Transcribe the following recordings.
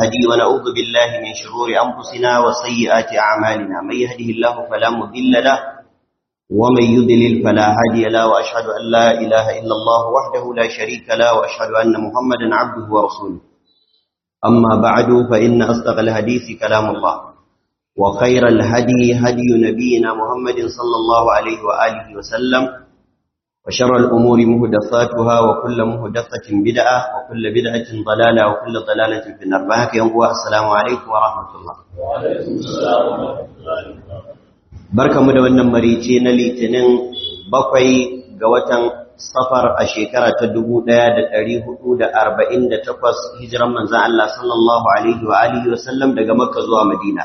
هدي ونعوذ بالله من شرور أنفسنا وسيئات أعمالنا من يهده الله فلا مذل له ومن يذلل فلا هادي له وأشهد أن لا إله إلا الله وحده لا شريك له وأشهد أن محمدا عبده ورسوله أما بعد فإن أصدق الحديث كلام الله وخير الهدي هدي نبينا محمد صلى الله عليه وآله وسلم وشر الأمور مهدفاتها وكل مهدفة بدعة وكل بدعة ضلالة وكل ضلالة في النار بهك ينقوى السلام عليكم ورحمة الله وعليكم السلام ورحمة الله بركة مدونة مريتين لتنين بقي قوتا صفر أشيكرة تدبو دا تاريه دا أربعين دا تقص هجرا من زعل الله صلى الله عليه وآله وسلم دا مكة زوا مدينة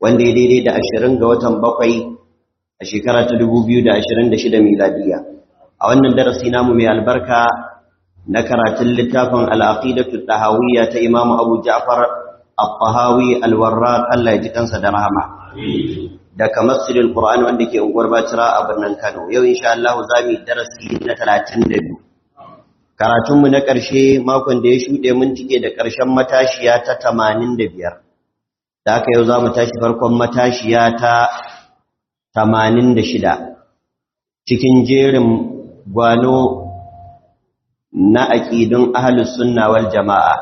وان دي دي دا أشرين قوتا بقي a shekara ta 2026 miladiya a wannan darasi namu mai albarka na karatun littafin al ɗahawiyya tahawiyya ta imamu abu ja'far al-tahawi al-warraq Allah ya ji kansa da rahama da kamassul al-qur'an wanda ke unguwar batira a birnin Kano yau insha Allah yi darasi na 32 karatunmu na ƙarshe makon da ya shuɗe mun cike da ƙarshen matashiya ta 85 da aka yau za mu tashi farkon matashiya ta Tamanin da shida, cikin jerin gwano na aƙidun ahalus sunna wal jama'a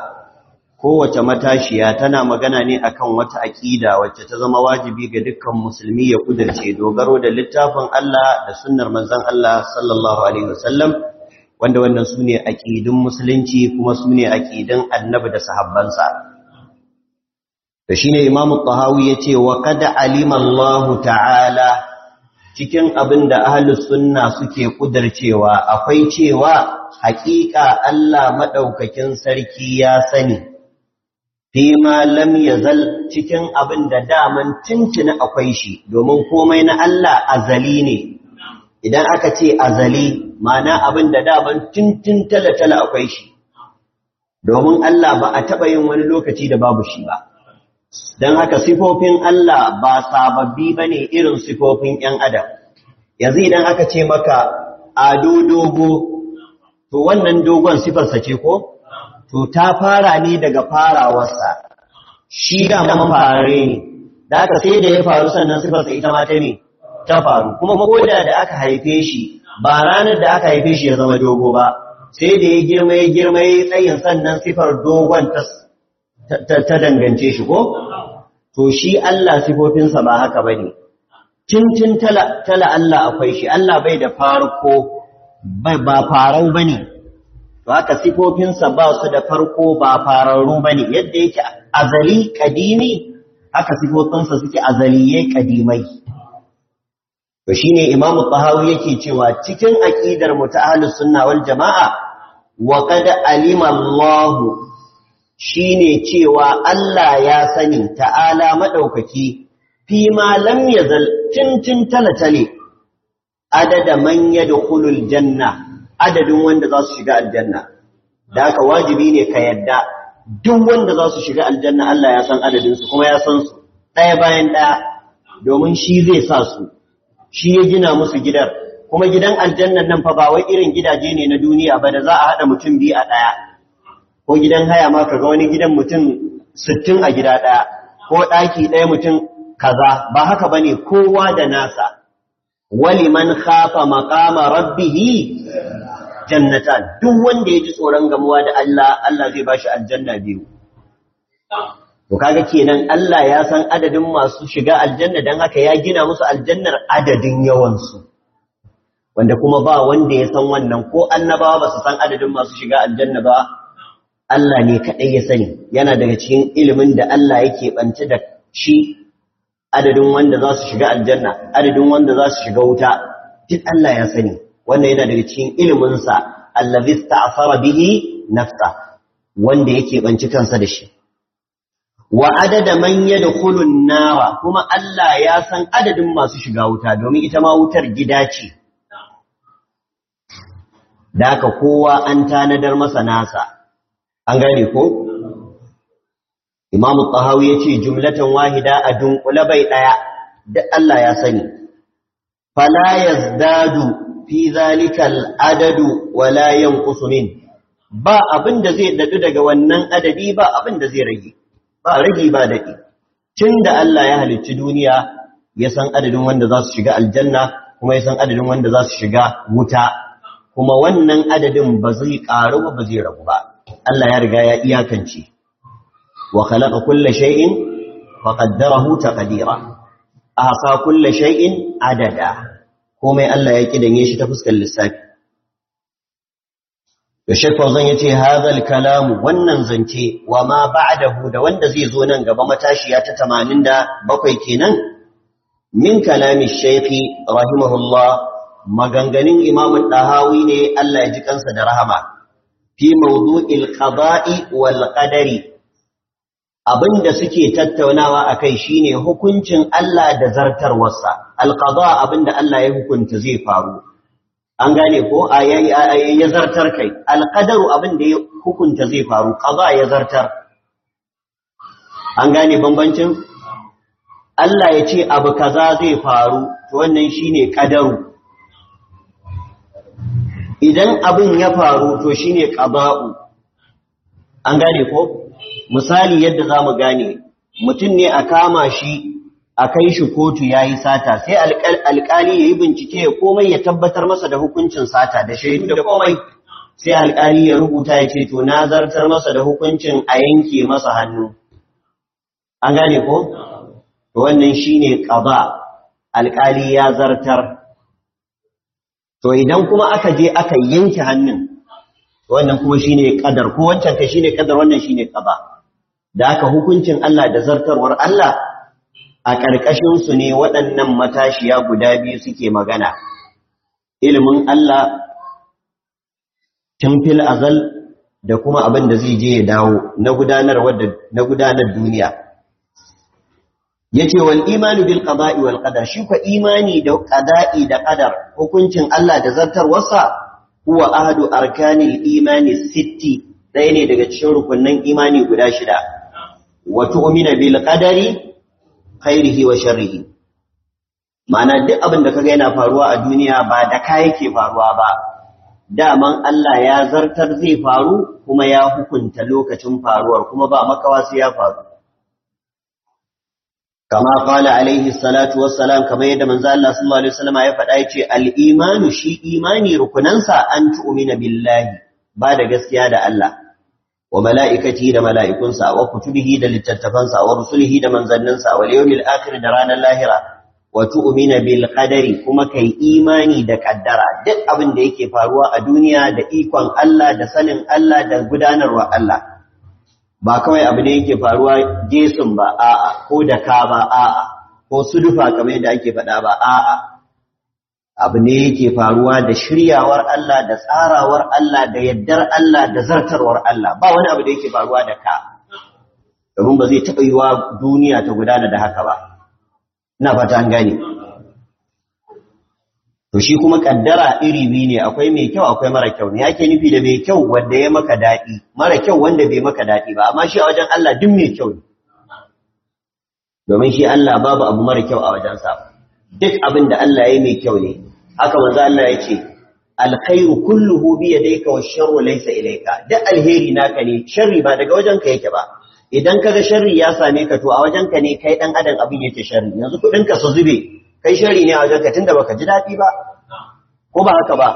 kowace matashiya tana magana ne akan wata aƙida wacce ta zama wajibi ga dukkan musulmi ya ƙudurce dogaro da littafin Allah da sunnar manzon Allah sallallahu alaihi wasallam wanda wannan sune aƙidun musulunci kuma sune aƙidun annabi da sahabbansa da shine imam tahawi yace wa kada alima Allah ta'ala cikin abin da ahlus sunna suke kudarcewa akwai cewa haƙiƙa Allah maɗaukakin sarki ya sani ma lam yazal cikin abin da daman tuntuni akwai shi domin komai na Allah azali ne idan aka ce azali mana abin da daman tuntun tala-tala akwai shi domin Allah ba a taɓa yin wani lokaci da babu shi ba Don haka sifofin Allah ba sababbi ba ne irin sifofin ‘yan adam. Yanzu idan aka ce maka ado dogo, to wannan dogon sifarsa ce ko? To ta fara ne daga farawarsa, shi da mafarare ne, da aka sai da ya faru sannan sifarsa ita mata ne ta faru. Kuma koda da aka haife shi, ba ranar da aka haife shi ya zama dogo ba, sai da ya girma ya girma ya tsayin sannan sifar dogon ta ta dangance shi ko to shi Allah sifofinsa ba haka bane cincin tala tala Allah akwai shi Allah bai da farko bai ba farau bane to haka sifofinsa ba su da farko ba fararru bane yadda yake azali kadimi haka sifofinsa suke azaliye kadimai to shine Imam'u Tahawi yake cewa cikin aƙidar mu ta sunna wal jamaa wa qad alima Allahu Shi ne cewa Allah ya sani ta'ala maɗaukaki fi ma lam yazal tintin talatale adada da yadkhulul janna adadin wanda za su shiga aljanna da aka wajibi ne ka yadda duk wanda za su shiga aljanna Allah ya san adadinsu kuma ya san su ɗaya bayan ɗaya domin shi zai sa su shi ya gina musu gidan kuma gidan aljannan nan fa ba wai irin gidaje ne na duniya ba da za a haɗa mutum biyu a ɗaya ko gidan haya ma kaga wani gidan mutum sittin a gida ɗaya ko ɗaki ɗaya mutum kaza ba haka bane kowa da nasa waliman khafa maqama rabbihi jannata duk wanda ya ji tsoron gamuwa da Allah Allah zai bashi aljanna biyu to kaga kenan Allah ya san adadin masu shiga aljanna dan haka ya gina musu aljannar adadin yawan su wanda kuma ba wanda ya san wannan ko annabawa ba su san adadin masu shiga aljanna ba Allah ne kaɗai ya sani yana daga cikin ilimin da Allah yake ɓance da shi adadin wanda za su shiga aljanna adadin wanda za su shiga wuta duk Allah ya sani wannan yana daga cikin iliminsa allazi ta'assara bihi nafsa wanda yake banci kansa da shi wa adada man an nara kuma Allah ya san adadin masu shiga wuta domin ita ma wutar gida ce da haka kowa an tanadar masa nasa an gane ko imamu tahawi ya ce jumlatan wahida a dunkule bai ɗaya da Allah ya sani fala dadu fi zalikal adadu wala layan kusumin. ba abin da zai dadu daga wannan adadi ba abin da zai rage ba rage ba dadi da Allah ya halicci duniya ya san adadin wanda za su shiga aljanna kuma ya san adadin wanda za su shiga wuta kuma wannan adadin ba zai ƙaru ba zai ragu ba Allah ya riga ya iyakance wa khalaqa kulla shay'in wa qaddarahu taqdira ahsa kulla shay'in adada komai Allah ya kidanye shi ta fuskar lissafi da Sheikh ya yace hadha al-kalam wannan zance wa ma ba'dahu da wanda zai zo nan gaba matashiya ta 87 kenan min kalami Sheikh rahimahullah maganganun Imam Dahawi ne Allah ya ji kansa da rahama fi mawdu'il qada'i wal qadari abinda suke tattaunawa akai shine hukuncin Allah da zartarwarsa alqada abinda Allah ya hukunta zai faru an gane ko ayayi ya zartar kai alƙadaru abinda ya hukunta zai faru qada ya zartar an gane bambancin Allah ya ce abu kaza zai faru to wannan shine qadaru idan abin ya faru to shine qaba'u an gane ko misali yadda zamu gane mutum ne a kama shi a kai shi kotu yayi sata sai alƙali yayi bincike ya komai ya tabbatar masa da hukuncin sata da shaidu da komai sai alƙali ya rubuta ya ce to na zartar masa da hukuncin a yanke masa hannu an gane ko wannan shine ƙaba, alƙali ya zartar to idan kuma aka je aka yanke hannun wannan kuma shine kadar ko wancan kai shine kadar wannan shine qada da aka hukuncin Allah da zartarwar Allah a ƙarƙashin su ne waɗannan matashiya guda biyu suke magana ilimin Allah fil azal da kuma abin da zai je ya dawo na gudanar na gudanar duniya yace wal imanu bil qada'i wal qadar shi ko imani da qada'i da qadar hukuncin Allah da zartar zartarwarsa huwa ahadu arkanil imani sitti ɗaya ne daga cikin rukunnan imani guda shida wa tu'mina bil qadari khairihi wa sharrihi ma'ana duk abin da kaga yana faruwa a duniya ba da ka yake faruwa ba daman Allah ya zartar zai faru kuma ya hukunta lokacin faruwar kuma ba makawa sai ya faru Kamar qala alaihi salatu wassalam kamar yadda manzo Allah ya faɗa yace al-imanu shi imani rukunansa an tu'umina billahi bada gaskiya da Allah wa mala'ikaci da mala'ikunsa wa kutubihi da littattafansa wa rusulihi da manzanninsa wa yawmil akhir da ranar lahira wa tu'umina bil qadari kuma kai imani da kaddara duk abin da yake faruwa a duniya da ikon Allah da sanin Allah da gudanarwa Allah ba kawai abu ne yake faruwa gesun ba a'a ko da ka ba a'a ko sudufa kamar yadda ake faɗa ba a'a abu ne yake faruwa da shiryawar Allah da tsarawar Allah da yaddar Allah da zartarwar Allah ba wani abu da yake faruwa da ka domin ba zai taɓa yiwa duniya ta gudana da haka ba ina fata an gane to shi kuma kaddara iri biyu ne akwai mai kyau akwai mara kyau ne yake nufi da mai kyau wanda ya maka daɗi mara kyau wanda bai maka daɗi ba amma shi a wajen Allah duk mai kyau ne domin shi Allah babu abu mara kyau a wajen sa duk abin da Allah ya mai kyau ne haka manzo Allah ya ce alkhairu kulluhu bi yadayka wa sharru laysa ilayka duk alheri naka ne sharri ba daga wajen ka yake ba idan kaga sharri ya same ka to a wajen ka ne kai dan adam abin yake sharri yanzu kudin ka su zube kai shari ne a wajenka tunda baka ji daɗi ba ko ba haka ba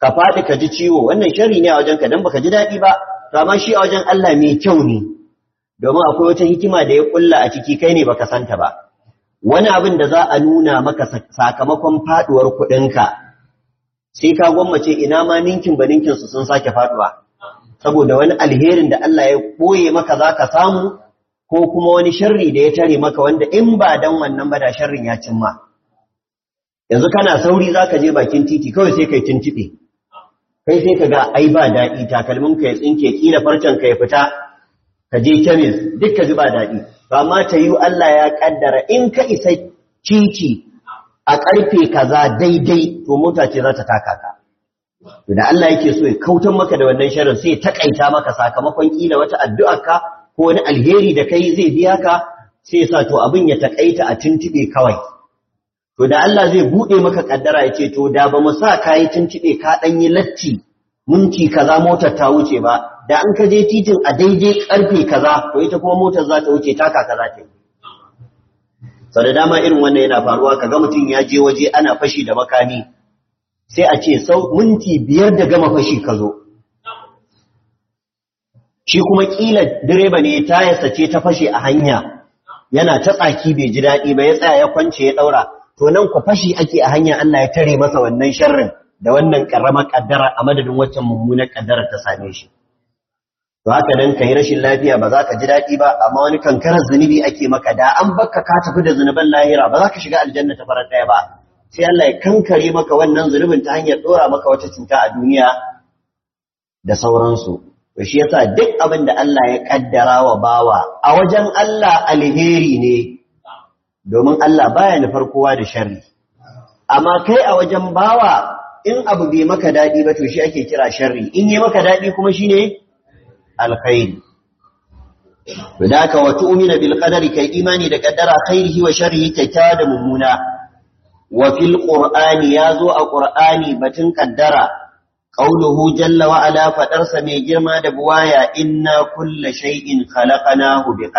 ka faɗi ka ji ciwo wannan shari ne a wajenka ba baka ji daɗi ba to amma shi a wajen Allah mai kyau ne domin akwai wata hikima da ya ƙulla a ciki kai ne baka santa ba wani abin da za a nuna maka sakamakon faɗuwar kuɗinka sai ka gwammace ina ma ninkin ba ninkin su sun sake faɗuwa. saboda wani alherin da Allah ya ɓoye maka za ka samu ko kuma wani sharri da ya tare maka wanda in ba dan wannan ba da sharrin ya cimma yanzu kana sauri zaka je bakin titi kawai sai kai tintibe kai sai kaga ai ba dadi takalmin ka ya tsinke kila farcen ka ya fita ka je kemis duk ka ji ba dadi ba ma ta yi Allah ya kaddara in ka isa titi a karfe kaza daidai to mota ce za ta taka ka to da Allah yake so ya kautar maka da wannan sharrin sai ya takaita maka sakamakon kila wata addu'ar ka ko wani alheri da kai zai biya ka sai sa to abin ya takaita a tuntube kawai to da Allah zai bude maka kaddara ya ce to da ba mu sa kai tuntube ka dan yi latti minti kaza motar ta wuce ba da an ka je titin a daidai karfe kaza to ita kuma motar za ta wuce taka kaza ta yi da dama irin wannan yana faruwa kaga mutum ya je waje ana fashi da makami sai a ce sau minti biyar da gama fashi ka zo shi kuma kila direba ne tayarsa ce ta fashe a hanya yana ta tsaki bai ji daɗi ba ya tsaya ya kwance ya ɗaura to nan ku fashi ake a hanya Allah ya tare masa wannan sharrin da wannan ƙaramar ƙaddara a madadin wacce mummunar ƙaddara ta same shi to haka nan kai rashin lafiya ba za ka ji daɗi ba amma wani kankarar zunubi ake maka da an bakka ka tafi da zunuban lahira ba za ka shiga aljanna ta farar ɗaya ba sai Allah ya kankare maka wannan zunubin ta hanyar ɗora maka wata cuta a duniya da sauransu to shi yasa duk abin da Allah ya kaddara wa bawa a wajen Allah alheri ne domin Allah baya nufar kowa da sharri amma kai a wajen bawa in abu bai maka dadi ba to shi ake kira sharri in yi maka dadi kuma shine alkhairi to da ka wa tu'mina bil qadari kai imani da kaddara khairihi wa sharrihi kyakya da mummuna wa fil qur'ani yazo a qur'ani batun kaddara Ƙauluhu jalla wa'ala faɗarsa mai girma da buwaya na kulla shay'in khalaqanahu bi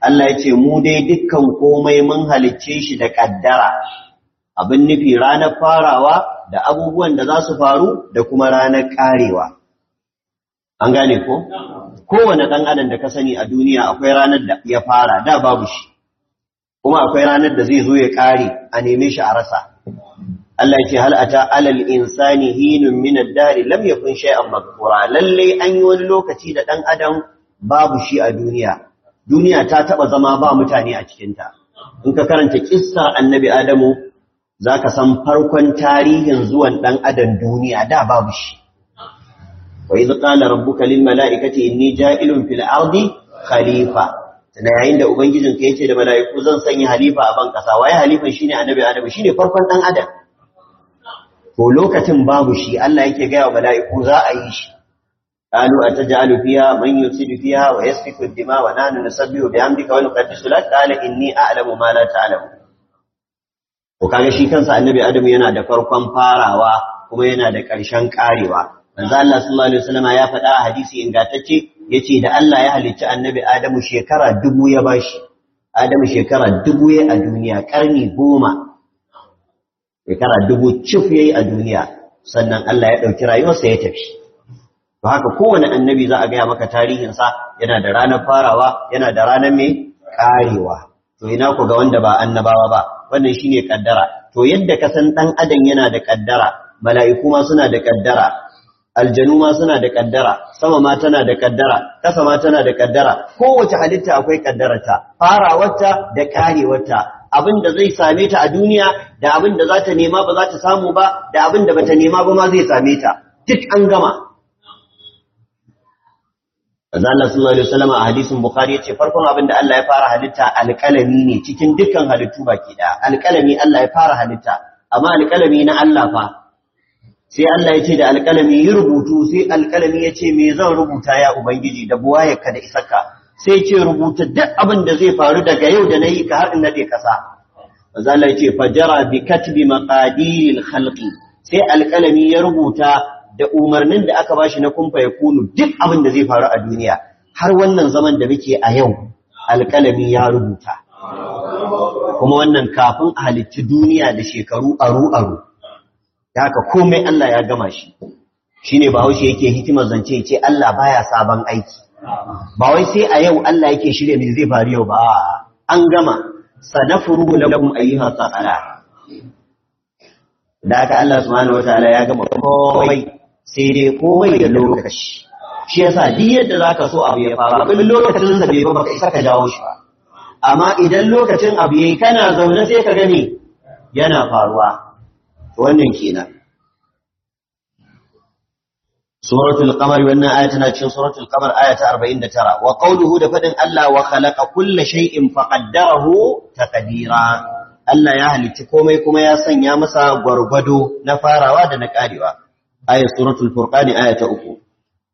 Allah ce mu dai dukkan komai mun halicce shi da kaddara. Abin nufi ranar farawa da abubuwan da za su faru da kuma ranar karewa. An gane ko? Kowane ɗan adam da ka sani a duniya akwai ranar da ya fara da babu shi. Kuma akwai ranar da zai zo ya kare a neme shi a rasa. Allah ce hal alal insani hinun min ad-dahr lam yakun shay'an madhkura lalle an yi wani lokaci da dan adam babu shi a duniya duniya ta taba zama ba mutane a cikin ta in ka karanta kissar annabi adamu zaka san farkon tarihin zuwan dan adam duniya da babu shi wa idh qala rabbuka lil mala'ikati inni ja'ilun fil ardi khalifa na yayin da ubangijin ka yace da mala'iku zan sanya halifa a ban kasa waye halifan shine annabi adam shine farkon dan adam to lokacin babu shi Allah yake gaya wa mala'iku za a yi shi qalu ataj'alu fiha man yusidu fiha wa yasfiku dima wa nahnu nusabbihu bihamdika wa nuqaddisu lak qala inni a'lamu ma la ta'lamu to kaga shi kansa annabi adam yana da farkon farawa kuma yana da ƙarshen karewa manzo Allah sallallahu alaihi wasallam ya faɗa a hadisi ingantacce yace da Allah ya halicci annabi Adamu shekara dubu ya bashi Adamu shekara dubu ya a duniya karni goma shekara dubu cif yayi a duniya sannan Allah ya ɗauki rayuwarsa ya tafi to haka kowane annabi za a gaya maka tarihinsa yana da ranar farawa yana da ranar mai ƙarewa. to ina ku ga wanda ba annabawa ba wannan shine ƙaddara? to yadda ka san dan adam yana da ƙaddara, mala'iku ma suna da ƙaddara, aljanu ma suna da ƙaddara, sama ma tana da ƙaddara, kasa ma tana da ƙaddara, kowace halitta akwai ƙaddarata farawarta da karewarta abin da zai same ta a duniya da abin da za ta nema ba za ta samu ba da abin da bata nema ba ma zai same ta duk an gama Azza Allah sallallahu alaihi wasallam a hadisin Bukhari yace farkon abin da Allah ya fara halitta alƙalami ne cikin dukkan halittu baki da alƙalami Allah ya fara halitta amma alƙalami na Allah fa sai Allah ya ce da alƙalami ya rubutu sai alƙalami ya ce me zan rubuta ya ubangiji da ka da isarka sai ce rubuta duk abin da zai faru daga yau da nayi ka har in nade kasa manzo ce, yace fajara bi katbi maqadiril khalqi sai alkalami ya rubuta da umarnin da aka bashi na kumfa ya kunu duk abin da zai faru a duniya har wannan zaman da muke a yau alkalami ya rubuta kuma wannan kafin a halitti duniya da shekaru aru aru Ya haka komai Allah ya gama shi shine bahaushe yake hikimar zance yace Allah baya sabon aiki ba wai sai a yau Allah yake shirya me zai faru yau ba an gama sanafuru lakum ayyuha saqala da aka Allah subhanahu wataala ya gama komai sai dai komai da lokaci shi yasa duk yadda zaka so abu ya fara kuma lokacin sa bai ba baka isa ka jawo shi ba amma idan lokacin abu yayi kana zaune sai ka gani yana faruwa wannan kenan suratul kamar wannan aya tana cikin suratul kamar aya ta 49 wa qawluhu da fadin Allah wa khalaqa kulla shay'in faqaddarahu taqdira Allah ya halicci komai kuma ya sanya masa gwargwado na farawa da na karewa aya suratul furqan aya ta 3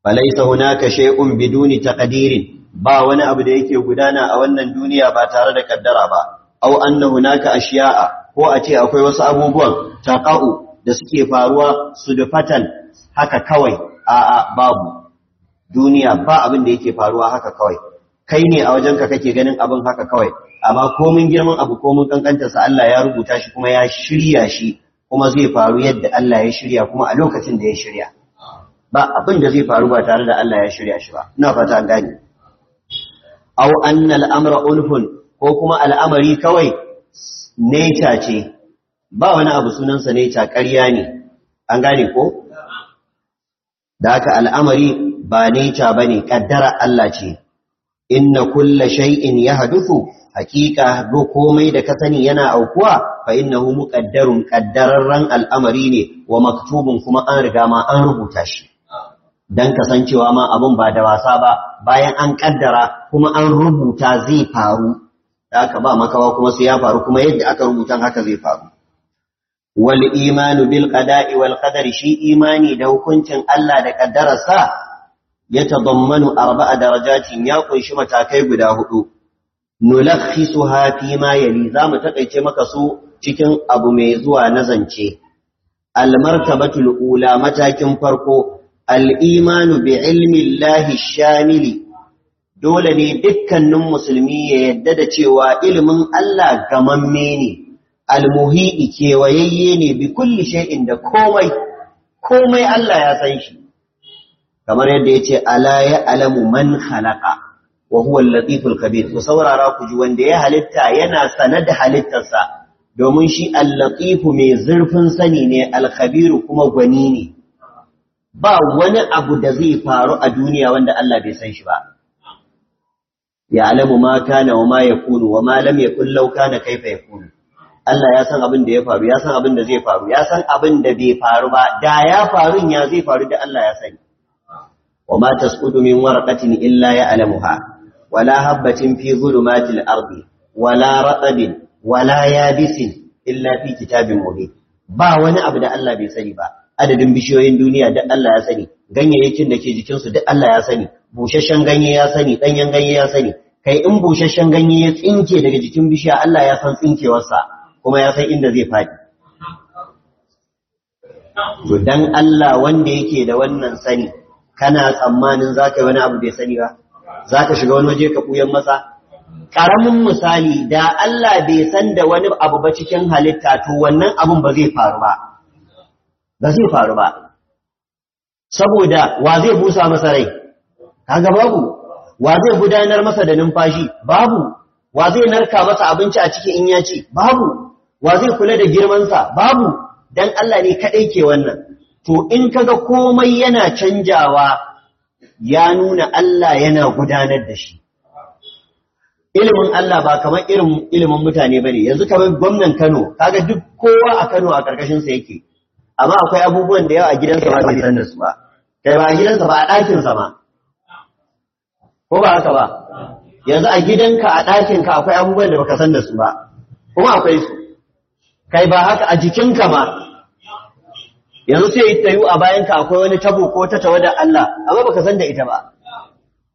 falaysa hunaka shay'un biduni taqdirin ba wani abu da yake gudana a wannan duniya ba tare da kaddara ba aw anna hunaka ashiya'a ko a ce akwai wasu abubuwan taqa'u da suke faruwa fatal haka kawai a'a babu duniya ba abin da yake faruwa haka kawai kai ne a wajen ka kake ganin abin haka kawai amma komin girman abu komin kankantar sa Allah ya rubuta shi kuma ya shirya shi kuma zai faru yadda Allah ya shirya kuma a lokacin da ya shirya ba abin da zai faru ba tare da Allah ya shirya shi ba ina fata an gane aw anna amra ulfun ko kuma al'amari kawai nature ce ba wani abu sunansa nature ƙarya ne an gane ko da al'amari ba ba bane kaddara Allah ce inna kulla shay'in yahduthu hakika do komai da ka sani yana aukuwa fa innahu muqaddarun ran al'amari ne wa maktubun kuma an riga ma an rubuta shi dan kasancewa ma abun ba da wasa ba bayan an kaddara kuma an rubuta zai faru da aka ba makawa kuma sai ya faru kuma yadda aka rubutan haka zai faru wal imanu bil qada'i wal qadari shi imani da hukuncin Allah da kaddararsa ya tadammanu arba'a darajatin ya kunshi matakai guda hudu nulakhisuha fi ma yali zamu takaice maka su cikin abu mai zuwa na zance al martabatul ula matakin farko al imanu bi ilmi llahi shamili dole ne dukkanin musulmi ya yadda da cewa ilimin Allah gamamme ne almuhi'i kewayayye ne bi kulli shay'in da komai komai Allah ya san shi kamar yadda yace ala ya alamu man khalaqa wa huwa al-latiful khabir ku saurara ku ji wanda ya halitta yana sane da halittarsa domin shi al-latifu mai zurfin sani ne al-khabiru kuma gwani ne ba wani abu da zai faru a duniya wanda Allah bai san shi ba ya alamu ma kana wa ma yakunu wa ma lam yakun law kana kaifa yakunu Allah ya san abin da ya faru ya san abin da zai faru ya san abin da bai faru ba da ya faru ya zai faru da Allah ya sani wa ma tasqutu min warqatin illa ya'lamuha wala habatin fi zulumatil ardi wala ratabin wala yabisin illa fi kitabin mubin ba wani abu da Allah bai sani ba adadin bishiyoyin duniya da Allah ya sani ganyayyakin da ke jikin su duk Allah ya sani busasshen ganye ya sani danyen ganye ya sani kai in busasshen ganye ya tsinke daga jikin bishiya Allah ya san tsinkewarsa kuma ya san inda zai faɗi to dan Allah wanda yake da wannan sani kana tsammanin ka yi wani abu bai sani ba Za ka shiga wani waje ka kuyan masa karamin misali da Allah bai san da wani abu ba cikin halitta to wannan abun ba zai faru ba ba zai faru ba saboda wa zai busa masa rai kaga babu wa zai gudanar masa da numfashi babu wa zai narka masa abinci a cikin in ya ci babu wa zai kula da girmansa babu dan Allah ne kadai ke wannan to in kaga komai yana canjawa ya nuna Allah yana gudanar da shi ilimin Allah ba kamar irin ilimin mutane bane yanzu kamar gwamnan Kano kaga duk kowa a Kano a karkashin sa yake amma akwai abubuwan da yawa a gidansa ba bai san da su ba kai ba a gidansa ba a ɗakin sa ba ko ba haka ba yanzu a gidanka a ɗakin ka akwai abubuwan da baka san da su ba kuma akwai su kai ba haka a jikinka ba. yanzu sai yi tayu a bayanka akwai wani tabo ko ta tawada Allah amma baka san da ita ba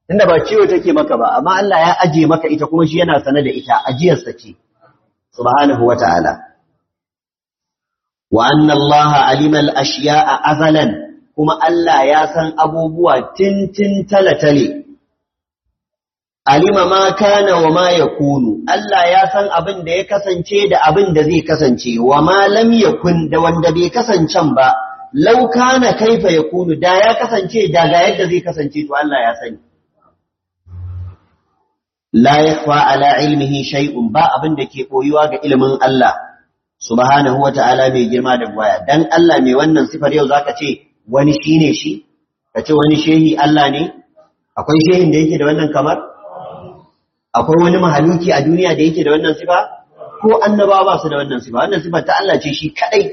tunda ba ciwo take maka ba amma Allah ya aje maka ita kuma shi yana sane da ita ajiyar sa ce subhanahu wata'ala wa anna Allah alima al-ashya'a azalan kuma Allah ya san abubuwa tintin tale alima ma kana wa ma yakunu Allah ya san abin da ya kasance da abin da zai kasance wa ma lam yakun da wanda bai kasance ba law kana kaifa yakunu da ya kasance da ga yadda zai kasance to Allah ya sani la yakhfa ala ilmihi shay'un ba abin da ke koyuwa ga ilimin Allah subhanahu ta'ala mai girma da waya dan Allah mai wannan sifar yau zaka ce wani shine shi kace wani shehi Allah ne akwai shehin da yake da wannan kamar akwai wani mahaluki a duniya da yake da wannan sifa ko annabawa ba su da wannan sifa wannan sifa ta Allah ce shi kadai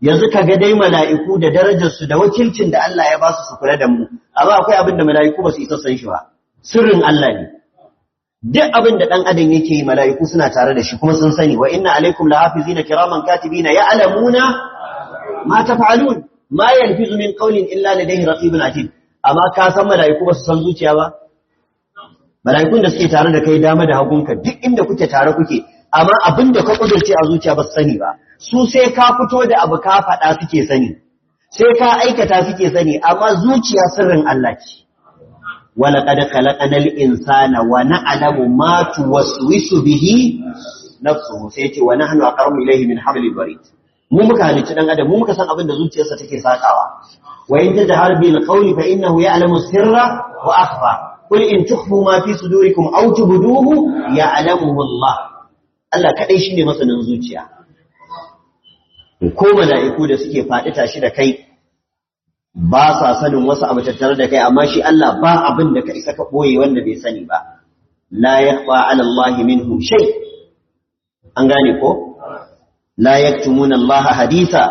yanzu ka ga dai mala'iku da darajar su da wakilcin da Allah ya ba su su kula da mu amma akwai abin da mala'iku ba su isa san shi ba sirrin Allah ne duk abin da dan adam yake yi mala'iku suna tare da shi kuma sun sani wa inna alaikum lahafizina kiraman katibina ya'lamuna ma taf'alun ma yanfizu min qawlin illa ladayhi raqibun atid amma ka san mala'iku ba su san zuciya ba mala'ikun da suke tare da kai dama da hagunka duk inda kuke tare kuke amma abin da ka kudurce a zuciya ba sani ba su sai ka fito da abu ka faɗa suke sani sai ka aikata suke sani amma zuciya sirrin Allah ce ولقد insana wa na'lamu ma tuwaswisu bihi nafsuhu sai ce wa nahnu aqrabu ilayhi min hablil warid mu muka halicci dan adam mu muka san abin da zuciyarsa take sakawa wa in tajhar bil qawli fa innahu ya'lamu sirra wa akhfa kul in tukhfu ma fi sudurikum aw tubduhu ya'lamuhu Allah Allah kadai shine masanin zuciya ko mala'iku da suke faɗi tashi da kai ba sa sanin wasu abu tattare da kai amma shi Allah ba abin da ka isa ka boye wanda bai sani ba la yakhfa 'ala Allah minhu shay an gane ko la yaktumuna Allah haditha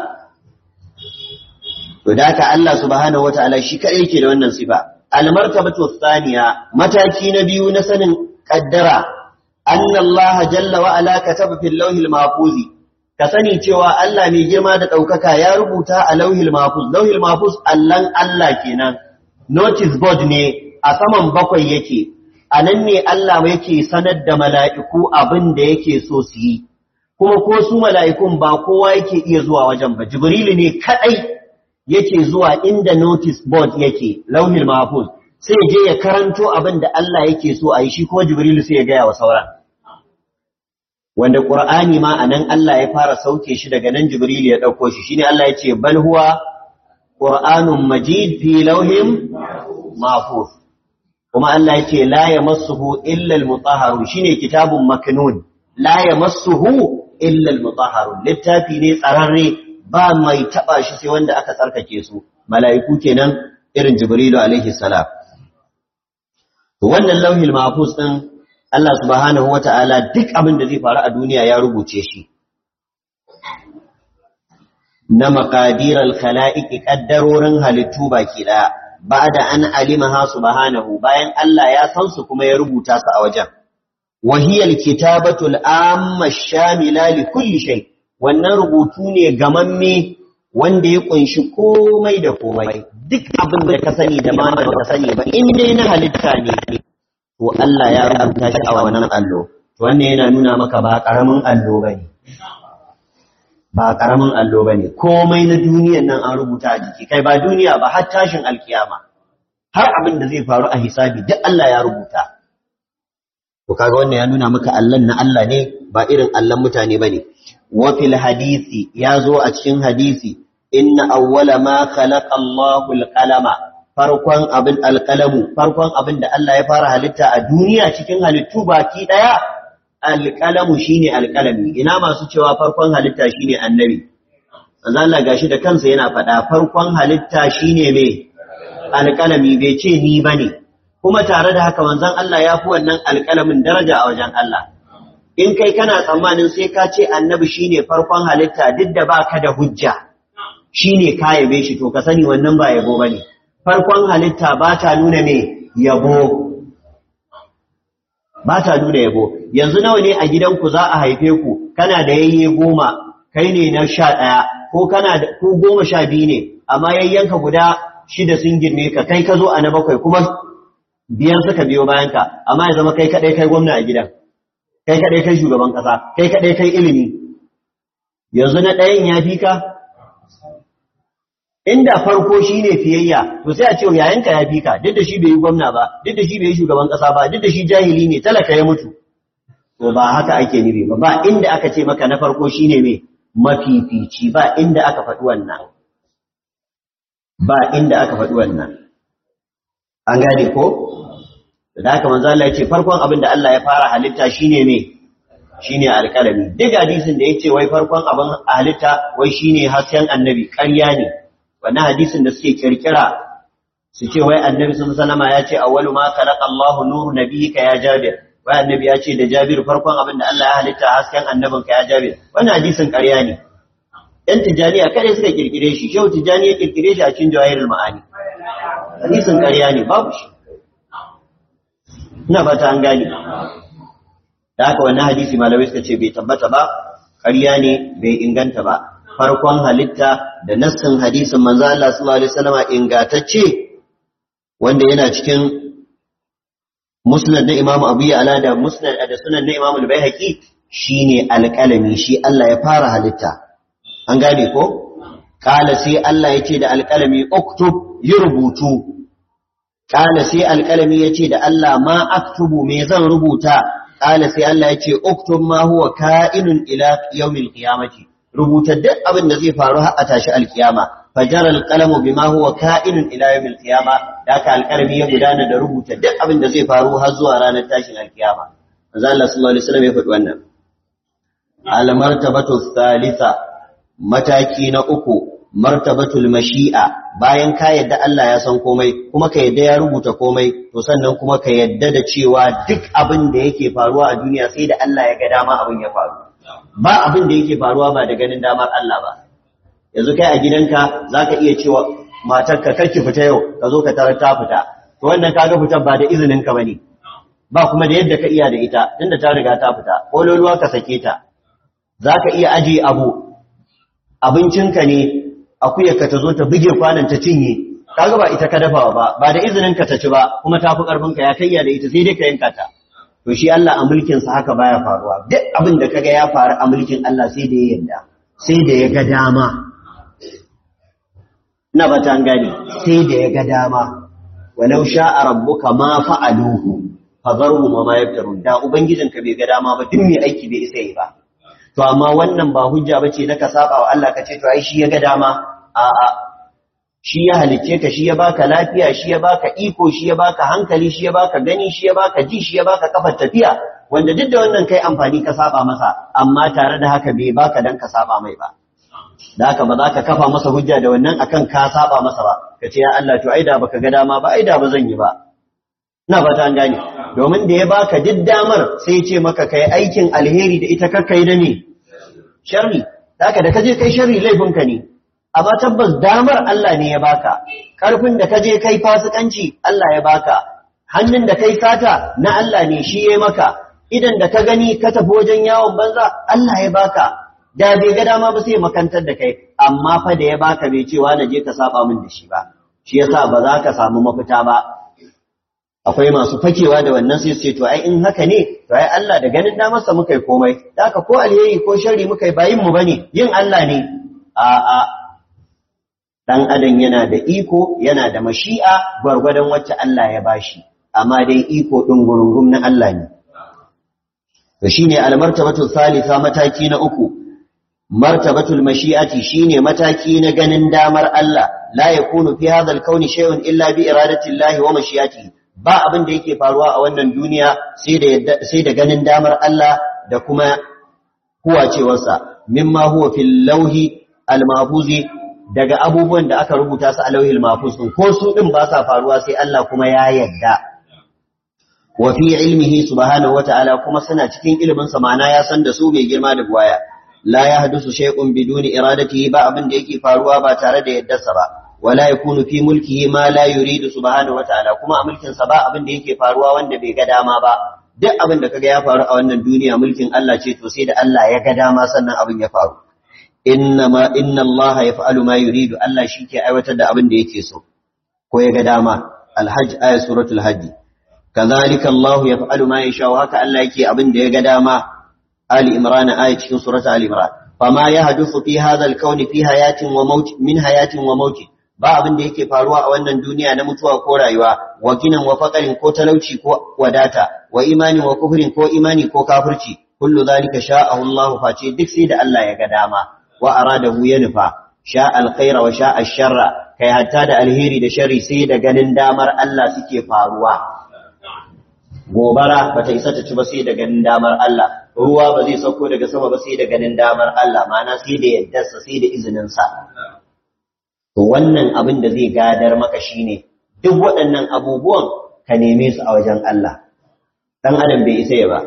to da Allah subhanahu wataala shi kadai yake da wannan sifa Almarta almartabatu thaniya mataki na biyu na sanin kaddara Annallaha, Jallawa, Alaka, wa ala Mafuzi; ka sani cewa Allah mai girma da ɗaukaka! ya rubuta a lawhil mahfuz lawhil mahfuz allan Allah kenan notice board ne a saman bakwai yake a nan ne Allah yake sanar da mala'iku abin da yake so su yi kuma ko su mala'ikun ba kowa yake iya zuwa wajen ba jibrilu ne kaɗai! yake zuwa inda notice board yake launin mahfuz sai je ya karanto abin da Allah yake so a yi shi kuma Jibrilu sai ya gaya wa sauran wanda Qur'ani ma anan Allah ya fara sauke shi daga nan Jibrilu ya dauko shi shine Allah ya ce bal huwa Qur'anun Majid fi lauhin mahfuz kuma Allah ya ce la yamassuhu illa al-mutahharun shine kitabun maknun la yamassuhu illa al-mutahharun littafi ne tsararre ba mai taba shi sai wanda aka tsarkake su mala'iku kenan irin jibrilu alaihi salam wannan lauhil mahfuz din Allah subhanahu wata'ala duk abin da zai faru a duniya ya rubuce shi na maqadir al-khalaiq qaddarorin halittu baki daya ba'da an alimaha subhanahu bayan Allah ya san su kuma ya rubuta su a wajen wahiyal kitabatul amma shamila li kulli shay wannan rubutu ne gamamme wanda ya kunshi komai da komai duk abin da ka sani da ma da ka sani ba in dai na halitta ne to Allah ya rubuta shi a wannan allo To wannan yana nuna maka ba karamin allo bane ba karamin allo bane komai na duniyan nan an rubuta a jiki kai ba duniya ba har tashin alkiyama har abin da zai faru a hisabi duk Allah ya rubuta To kaga wannan ya nuna maka Allah na Allah ne ba irin Allah mutane bane. Wafil hadisi ya zo a cikin hadisi inna awwala ma khalaqa Allahu al-qalama farkon abin al farkon abin da Allah ya fara halitta a duniya cikin halittu baki daya al shine al ina masu cewa farkon halitta shine annabi manzo Allah gashi da kansa yana faɗa farkon halitta shine me al bai ce ni bane kuma tare da haka manzon Allah ya fi wannan al-qalamin daraja a wajen Allah in kai kana tsammanin sai ka ce annabi shine farkon halitta duk da baka da hujja shine ka yabe shi to ka sani wannan ba yabo bane farkon halitta ba ta nuna me yabo ba ta nuna yabo yanzu nawa ne a gidanku za a haife ku kana da yayye goma kai ne na sha ɗaya ko kana da ko goma sha biyu ne amma yayyanka guda shida sun girme ka kai ka zo a na bakwai kuma biyan suka biyo bayanka, ka amma ya zama kai kaɗai kai gwamna a gidan kai kadai kai shugaban kasa kai kadai kai ilimi yanzu na ɗayan ya fi ka inda farko shine fiyayya to sai a ce ka ya fi ka duk da shi bai yi gwamna ba duk da shi bai yi shugaban kasa ba duk da shi jahili ne talaka ya mutu to ba haka ake nufi ba ba inda aka ce maka na farko shine me mafifici ba inda aka faɗi wannan ba inda aka faɗi wannan an gane ko da haka manzo Allah yace farkon abin da Allah ya fara halitta shine me shine alqalami duk hadisin da yace wai farkon abin halitta wai shine hasken annabi ƙarya ne wannan hadisin da suke kirkira su ce wai annabi sun sallama ya ce awwalu ma khalaqa Allahu nuru nabiyika ya Jabir wai annabi ya ce da Jabir farkon abin da Allah ya halitta hasken annabin ka ya Jabir wannan hadisin ƙarya ne tijani tijjaniya kare suka kirkire shi, shehu tijani ya kirkire shi a cikin jawahirul ma'ani. Hadisin ƙarya ne, babu shi. ina ta an gane da haka wani hadisi malamai suka ce bai tabbata ba ƙarya ne bai inganta ba farkon halitta da nassin hadisin manzo Allah sallallahu alaihi wasallama ingatacce wanda yana cikin musnad na Imam Abu Ya'la da musnad da sunan na Imam Al-Baihaqi shine alƙalami shi Allah ya fara halitta an gane ko qala sai Allah yace da alƙalami uktub yi rubutu Ƙala sai alƙalami ya ce da Allah ma aktubu me zan rubuta, ƙala sai Allah ya ce, Uktun ma huwa ka'inun ila yawmin qiyamati rubuta duk abin da zai faru har a tashi alƙiyama. Fajar alƙalamu bi huwa ka'inun ila yawmin qiyama da ka alƙalami ya gudana da rubuta duk abin da zai faru har zuwa ranar tashin alƙiyama. Manzo Allah sallallahu alaihi wasallam ya faɗi wannan. Al-martabatu thalitha mataki na uku martabatul mashi'a bayan ka yadda Allah ya san komai kuma ka yadda ya rubuta komai to sannan kuma ka yadda da cewa duk abin da yake faruwa a duniya sai da Allah ya ga dama abin ya faru ba abin da yake faruwa ba da ganin damar Allah ba yanzu kai a gidanka zaka iya cewa matarka karki fita yau ka zo ka tarar ta fita to wannan kaga fitar ba da izinin ka bane ba kuma da yadda ka iya da ita tunda ta riga ta fita kololuwa ka sake ta zaka iya aje abu abincinka ne akuya ka ta zo ta buge kwanan ta cinye kaga ba ita ka dafa ba ba da izinin ka ta ci ba kuma ta fi karfin ka ya kayya da ita sai dai ka yanka ta to shi Allah a mulkin sa haka baya faruwa duk abin da kaga ya faru a mulkin Allah sai da ya yarda sai da ya ga dama ina ba ta gani sai da ya ga dama walau sha'a rabbuka ma fa'aluhu fazarhum ma yaftarun da ubangijinka bai ga dama ba duk mai aiki bai isa yi ba to amma wannan ba hujja bace na ka saba wa Allah ka ce to ai shi ya ga dama a'a shi ya halicce ka shi ya baka lafiya shi ya baka iko shi ya baka hankali shi ya baka gani shi ya baka ji shi ya baka kafar tafiya wanda duk da wannan kai amfani ka saba masa amma tare da haka bai baka dan ka saba mai ba da haka ba za ka kafa masa hujja da wannan akan ka saba masa ba ka ce ya Allah to ai da baka ga dama ba ai da ba zan yi ba ina ba ta gane domin da ya baka duk damar sai ya ce maka kai aikin alheri da ita kakkai da ne sharri haka da kaje kai sharri laifin ka ne amma tabbas damar Allah ne ya baka karfin da kaje kai fasikanci Allah ya baka hannun da kai sata na Allah ne shi yayi maka idan da ka gani ka tafi wajen yawon banza Allah ya baka da bai ga dama ba sai makantar da kai amma fa da ya baka bai cewa na je ka saba min da shi ba shi yasa ba za ka samu mafita ba akwai masu fakewa da wannan sai ce to ai in haka ne to ai Allah da ganin sa muka yi komai da haka ko alheri ko sharri muka yi bayin mu bane yin Allah ne a a dan adam yana da iko yana da mashi'a gwargwadon wacce Allah ya bashi amma dai iko din gurungum na Allah ne to shine almartabatu salisa mataki na uku martabatul mashi'ati shine mataki na ganin damar Allah la yakunu fi hadha kauni shay'un illa bi iradati Allah wa mashi'atihi ba abin da yake faruwa a wannan duniya sai da ganin damar Allah da kuma kuwacewarsa mimma huwa fil lauhi al mahfuzi daga abubuwan da aka rubuta su a lauhil mahfuz din ko su din ba sa faruwa sai Allah kuma ya yadda wa fi ilmihi subhanahu ta'ala kuma suna cikin ilimin sa ma'ana ya san da su bai girma da gwaya la yahdusu shay'un biduni iradatihi ba abin da yake faruwa ba tare da yaddarsa ba wala yakunu mulki mulkihi ma la yuridu subhanahu wataala kuma a mulkin sa ba abin da yake faruwa wanda bai ga dama ba duk abin da kaga ya faru a wannan duniya mulkin Allah ce to sai da Allah ya ga dama sannan abin ya faru inna ma inna Allah yaf'alu ma yuridu Allah shi ke aiwatar da abin da yake so ko ya ga dama alhajj ayat suratul hajj kadhalika Allah yaf'alu ma yasha haka Allah yake abin da ya ga dama Ali Imran ayat cikin surata Ali Imran fama ya fi hadha al fi hayatin wa min hayatin wa mautin ba abin da yake faruwa a wannan duniya na mutuwa ko rayuwa wa ginan wa faqarin ko talauci ko wadata wa imani wa kufrin ko imani ko kafirci kullu zalika sha Allah face duk sai da Allah ya ga dama wa aradahu ya nufa sha alkhaira wa sha sharra kai hatta da alheri da sharri sai da ganin damar Allah suke faruwa gobara ba ta isa ta ci ba sai da ganin damar Allah ruwa ba zai sauko daga sama ba sai da ganin damar Allah ma'ana sai da yaddarsa sai da izininsa to wannan abin da zai gadar maka shine duk waɗannan abubuwan ka neme su a wajen Allah dan adam bai isa ba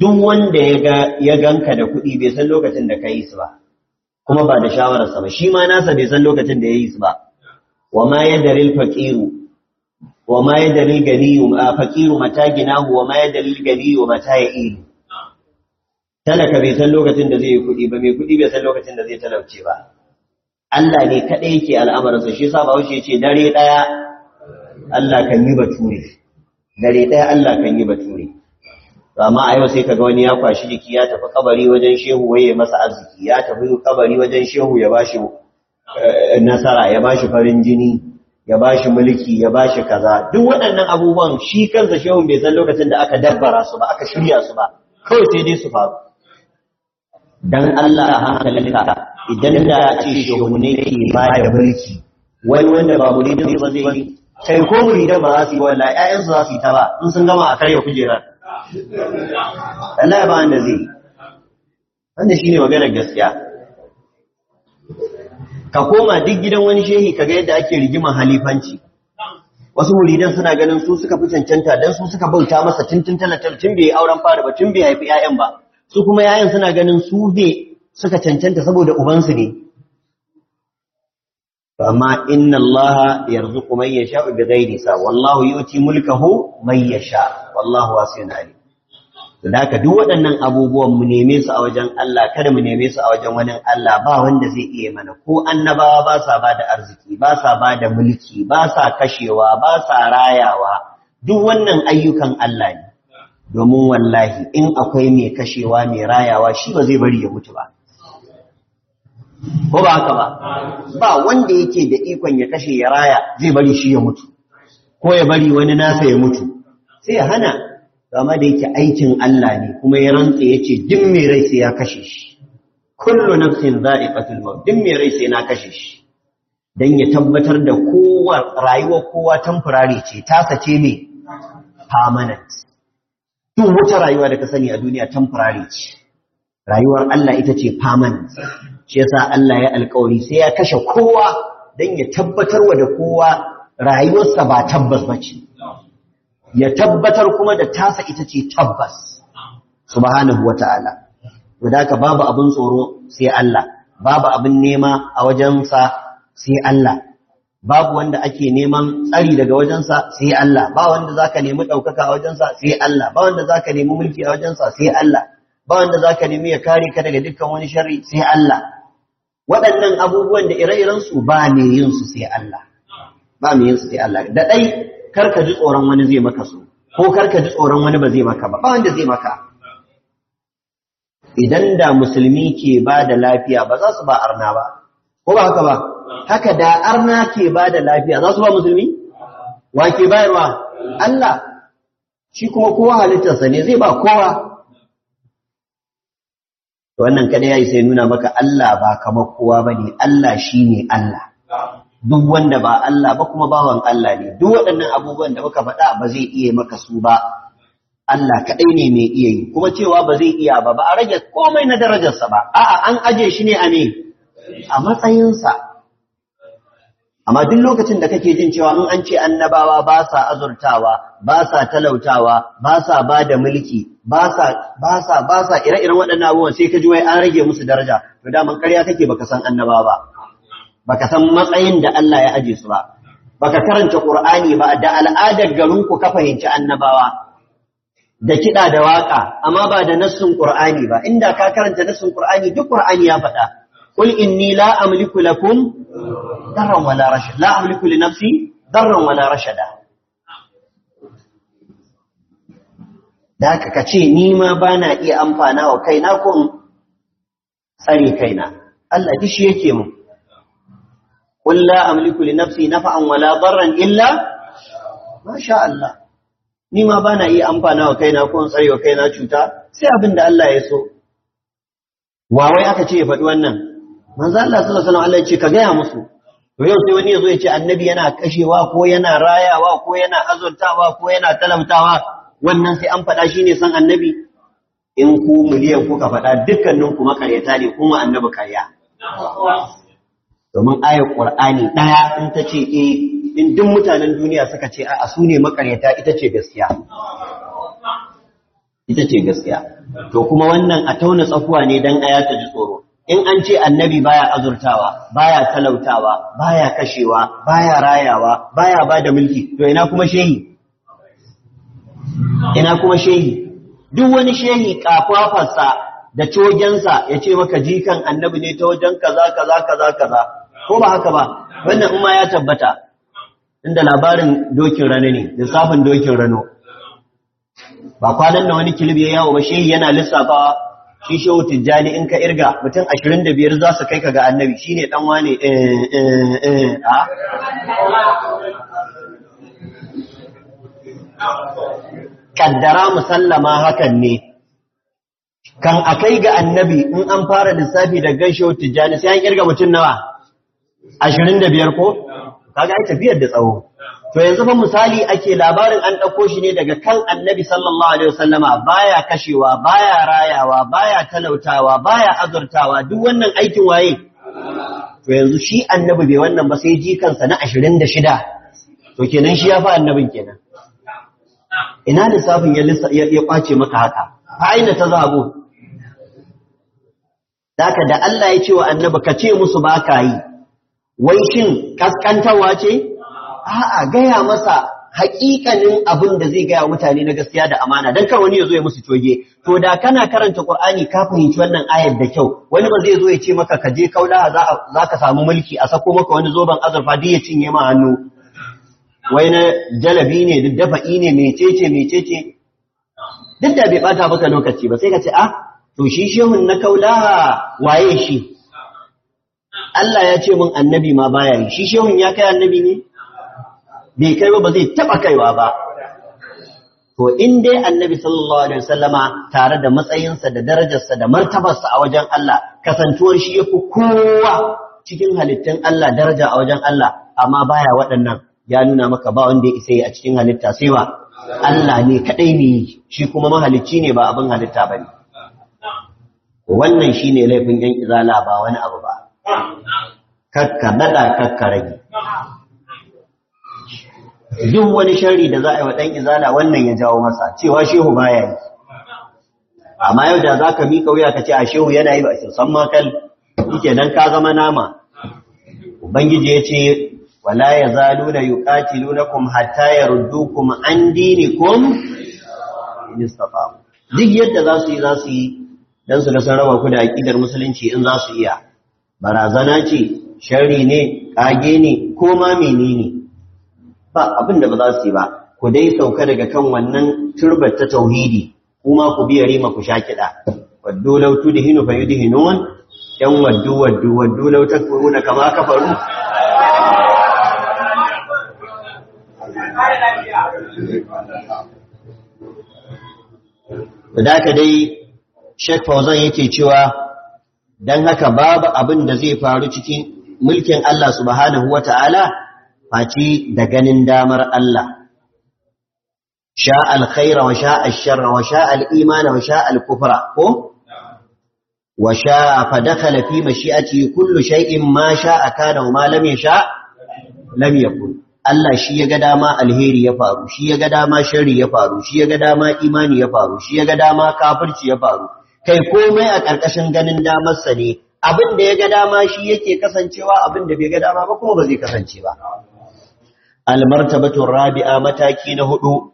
duk wanda ya ga ya ganka da kuɗi bai san lokacin da ka yi su ba kuma ba da shawararsa ba shi ma nasa bai san lokacin da ya yi su ba wa ma yadaril faqiru wa ma yadaril ganiyu faqiru mata ginahu wa ma yadaril ganiyu mata ya'ilu talaka bai san lokacin da zai yi kuɗi ba mai kuɗi bai san lokacin da zai talauce ba Allah ne kaɗai yake al'amarsa shi sa wuce ce dare ɗaya Allah kan yi bature dare ɗaya Allah kan yi bature amma a yau sai kaga wani ya kwashi jiki ya tafi kabari wajen shehu waye masa arziki ya tafi kabari wajen shehu ya bashi eh, nasara ya bashi farin jini ya bashi mulki ya bashi kaza duk waɗannan abubuwan shi kansa shehu bai san lokacin da aka dabbara su ba aka shirya su ba kawai sai dai su faru dan Allah hankalinka idan da a ce shugabanni ke ba da mulki wani wanda ba muridin ba zai yi sai ko muridan ba za su yi wala ƴaƴan su za su yi ta ba in sun gama a karya kujerar Allah ba wanda zai wanda shine maganar gaskiya ka koma duk gidan wani shehi kaga yadda ake rigimar halifanci wasu muridan suna ganin su suka fi cancanta dan su suka bauta masa tuntun talatal tun bai auren fara ba tun bai haifi ƴaƴan ba su kuma ƴaƴan suna ganin su bai suka cancanta saboda ubansu ne amma inna Allah yarzuqu man bi ghairi sa wallahu yuti mulkahu man yasha wallahu wasi'un alim dan haka duk waɗannan abubuwan mu neme su a wajen Allah kada mu neme su a wajen wani Allah ba wanda zai iya mana ko annabawa ba sa ba da arziki ba sa ba da mulki ba sa kashewa ba sa rayawa duk wannan ayyukan Allah ne domin wallahi in akwai mai kashewa mai rayawa shi ba zai bari ya mutu ba ko ba haka ba ba wanda yake da ikon ya kashe ya raya zai bari shi ya mutu ko ya bari wani nasa ya mutu sai ya hana game da yake aikin Allah ne kuma ya rantsa yace duk mai rai sai ya kashe shi kullu nafsin za'iqatul maut duk mai rai sai na kashe shi dan ya tabbatar da kowa rayuwar kowa temporary ce ta ce ne permanent duk wata rayuwa da ka sani a duniya temporary ce rayuwar Allah ita ce permanent shi yasa Allah ya alƙawari sai ya kashe kowa dan ya tabbatar wa da kowa rayuwarsa ba tabbas bace ya tabbatar kuma da tasa ita ce tabbas subhanahu wataala wadaka babu abin tsoro sai Allah babu abin nema a wajensa sai Allah babu wanda ake neman tsari daga wajensa sai Allah ba wanda zaka nemi ɗaukaka a wajensa sai Allah ba wanda zaka nemi mulki a wajensa sai Allah ba wanda zaka nemi ya kare ka daga dukkan wani sharri sai Allah waɗannan abubuwan da ire-irensu ba ne yin su sai Allah ba ne yin su sai Allah da dai karka ji tsoron wani zai maka su ko karka ji tsoron wani ba zai maka ba ba wanda zai maka idan da musulmi ke ba da lafiya ba za su ba arna ba ko ba haka ba haka da arna ke ba da lafiya za su ba musulmi wa ke bayarwa Allah shi kuma kowa halittarsa ne zai ba kowa to wannan kada yayi sai nuna maka Allah ba kamar kowa bane Allah shine Allah duk wanda ba Allah ba kuma bawan Allah ne duk waɗannan abubuwan da muka faɗa ba zai iya maka su ba Allah kaɗai ne mai iya yi kuma cewa ba zai iya ba ba a rage komai na darajarsa ba a'a an aje shi ne a ne a matsayinsa amma duk lokacin da kake jin cewa in an ce annabawa ba sa azurtawa ba sa talautawa ba sa ba mulki ba sa ba sa ba sa ire-iren waɗannan abubuwan sai ka ji wai an rage musu daraja to daman ƙarya kake baka san annaba ba baka san matsayin da Allah ya aje su ba baka karanta Qur'ani ba da al'adar garin ku ka fahimci annabawa da kiɗa da waƙa amma ba da nassin Qur'ani ba inda ka karanta nassin Qur'ani duk Qur'ani ya faɗa قل إني لا أملك لكم ضرا ولا رشدا لا أملك لنفسي ضرا ولا رشدا da haka ka ce ni ma bana iya amfana wa kaina ko in tsare kaina Allah ji shi yake mu qul la amliku li nafsi naf'an wala darran illa Masha Allah ni ma bana iya amfana wa kaina ko tsare wa kaina cuta sai abinda Allah ya so wa wai aka ce ya faɗi wannan manzo Allah sallallahu alaihi wasallam ce ka gaya musu to yau sai wani yazo zo ya ce annabi yana kashewa ko yana rayawa ko yana azurtawa ko yana talamtawa wannan sai an faɗa shine san annabi in ku miliyan kuka faɗa dukkanin ku makaryata ne kuma annabi karya domin ayar qur'ani daya in ta ce eh in duk mutanen duniya suka ce a su ne makaryata ita ce gaskiya ita ce gaskiya to kuma wannan a tauna tsakuwa ne dan aya ta ji tsoro in an ce annabi baya azurtawa baya talautawa baya kashewa baya rayawa baya bada mulki to ina kuma shehi ina kuma shehi duk wani shehi kafafarsa da cogensa ya ce maka jikan annabi ne ta wajen kaza kaza kaza kaza ko ba haka ba wannan in ma ya tabbata inda labarin dokin rano ne lissafin dokin rano ba kwanan da wani kilib ya yawo ba shehi yana lissafawa shi shehu tijjani in ka irga mutum ashirin da biyar za su kai ka ga annabi shi ne ɗanwa ne eh, eh, eh, a kaddara musallama hakan ne kan a kai ga annabi in an fara lissafi da gan shehu tijjani sai an irga mutum nawa ashirin da biyar ko kaga ai tafiyar da tsawo to yanzu fa misali ake labarin an ɗauko shi ne daga kan annabi sallallahu alaihi wasallama baya kashewa baya rayawa baya talautawa baya azurtawa duk wannan aikin waye to yanzu shi annabi bai wannan ba sai ji kansa na 26 to kenan shi ya fa annabin kenan ina lissafin ya ya kwace maka haka ina ta zabo daka da Allah ya ce wa annabi ka ce musu ba ka yi wai shin kaskantawa ce? A'a gaya masa haƙiƙanin abin da zai gaya mutane na gaskiya da amana don kar wani ya zo ya musu coge to da kana karanta Qur'ani ka fahimci wannan ayar da kyau wani ba zai zo ya ce maka ka je kaulaha za ka samu mulki a sako maka wani zoben azurfa duk ya cinye ma hannu wai na jalabi ne duk dafa'i ne mecece mecece duk da bai bata baka lokaci ba sai ka ce ah to shi shehun na kaula waye shi Allah ya ce min annabi ma baya yi shi shehun ya kai annabi ne bai kai ba zai taba kaiwa ba to in dai annabi sallallahu alaihi wasallama tare da matsayinsa da darajarsa da martabarsa a wajen Allah kasantuwar shi yafi kowa cikin halittun Allah daraja a wajen Allah amma baya waɗannan ya nuna maka ba wanda ya isa yi a cikin halitta sai wa Allah ne kadai ne shi kuma mahalicci ne ba abin halitta bane wannan shine laifin yan izala ba wani abu ba kakka nada kakka rage duk wani sharri da za a yi wa ɗan izala wannan ya jawo masa cewa shehu baya yi amma yau da za ka miƙa wuya ka ce a shehu yana yi ba shi san makal yake nan ka zama nama ubangiji ya ce wala ya zalu na yuƙatilu luna kum hatta ya kuma an dini kum duk yadda za su yi za su yi don su da sun ku da aƙidar musulunci in za su iya barazana ce shari ne kage ne ko ma menene ba abin da ba za su yi ba ku dai sauka daga kan wannan turbar ta tauhidi kuma ku biya rima ku sha kiɗa waddu law tudhinu fa yudhinun yan waddu waddu waddu law na kama kafaru da dai Sheikh Fauzan yake cewa don haka babu abin da zai faru cikin mulkin Allah subhanahu wa ta'ala face da ganin damar Allah. Sha alkhaira wa sha alsharra wa sha al'imana wa sha alkufra ko? Wa sha fadaka lafi mashi'aci kullu sha'in ma sha a kada ma ya sha lam ya Allah shi ya ga dama alheri ya faru, shi ya ga dama shari ya faru, shi ya ga dama imani ya faru, shi ya ga dama kafirci ya faru. kai komai a ƙarƙashin ganin damarsa ne abin da ya ga dama shi yake kasancewa abin da bai ga dama ba kuma ba zai kasance ba almartabatul rabi'a mataki na hudu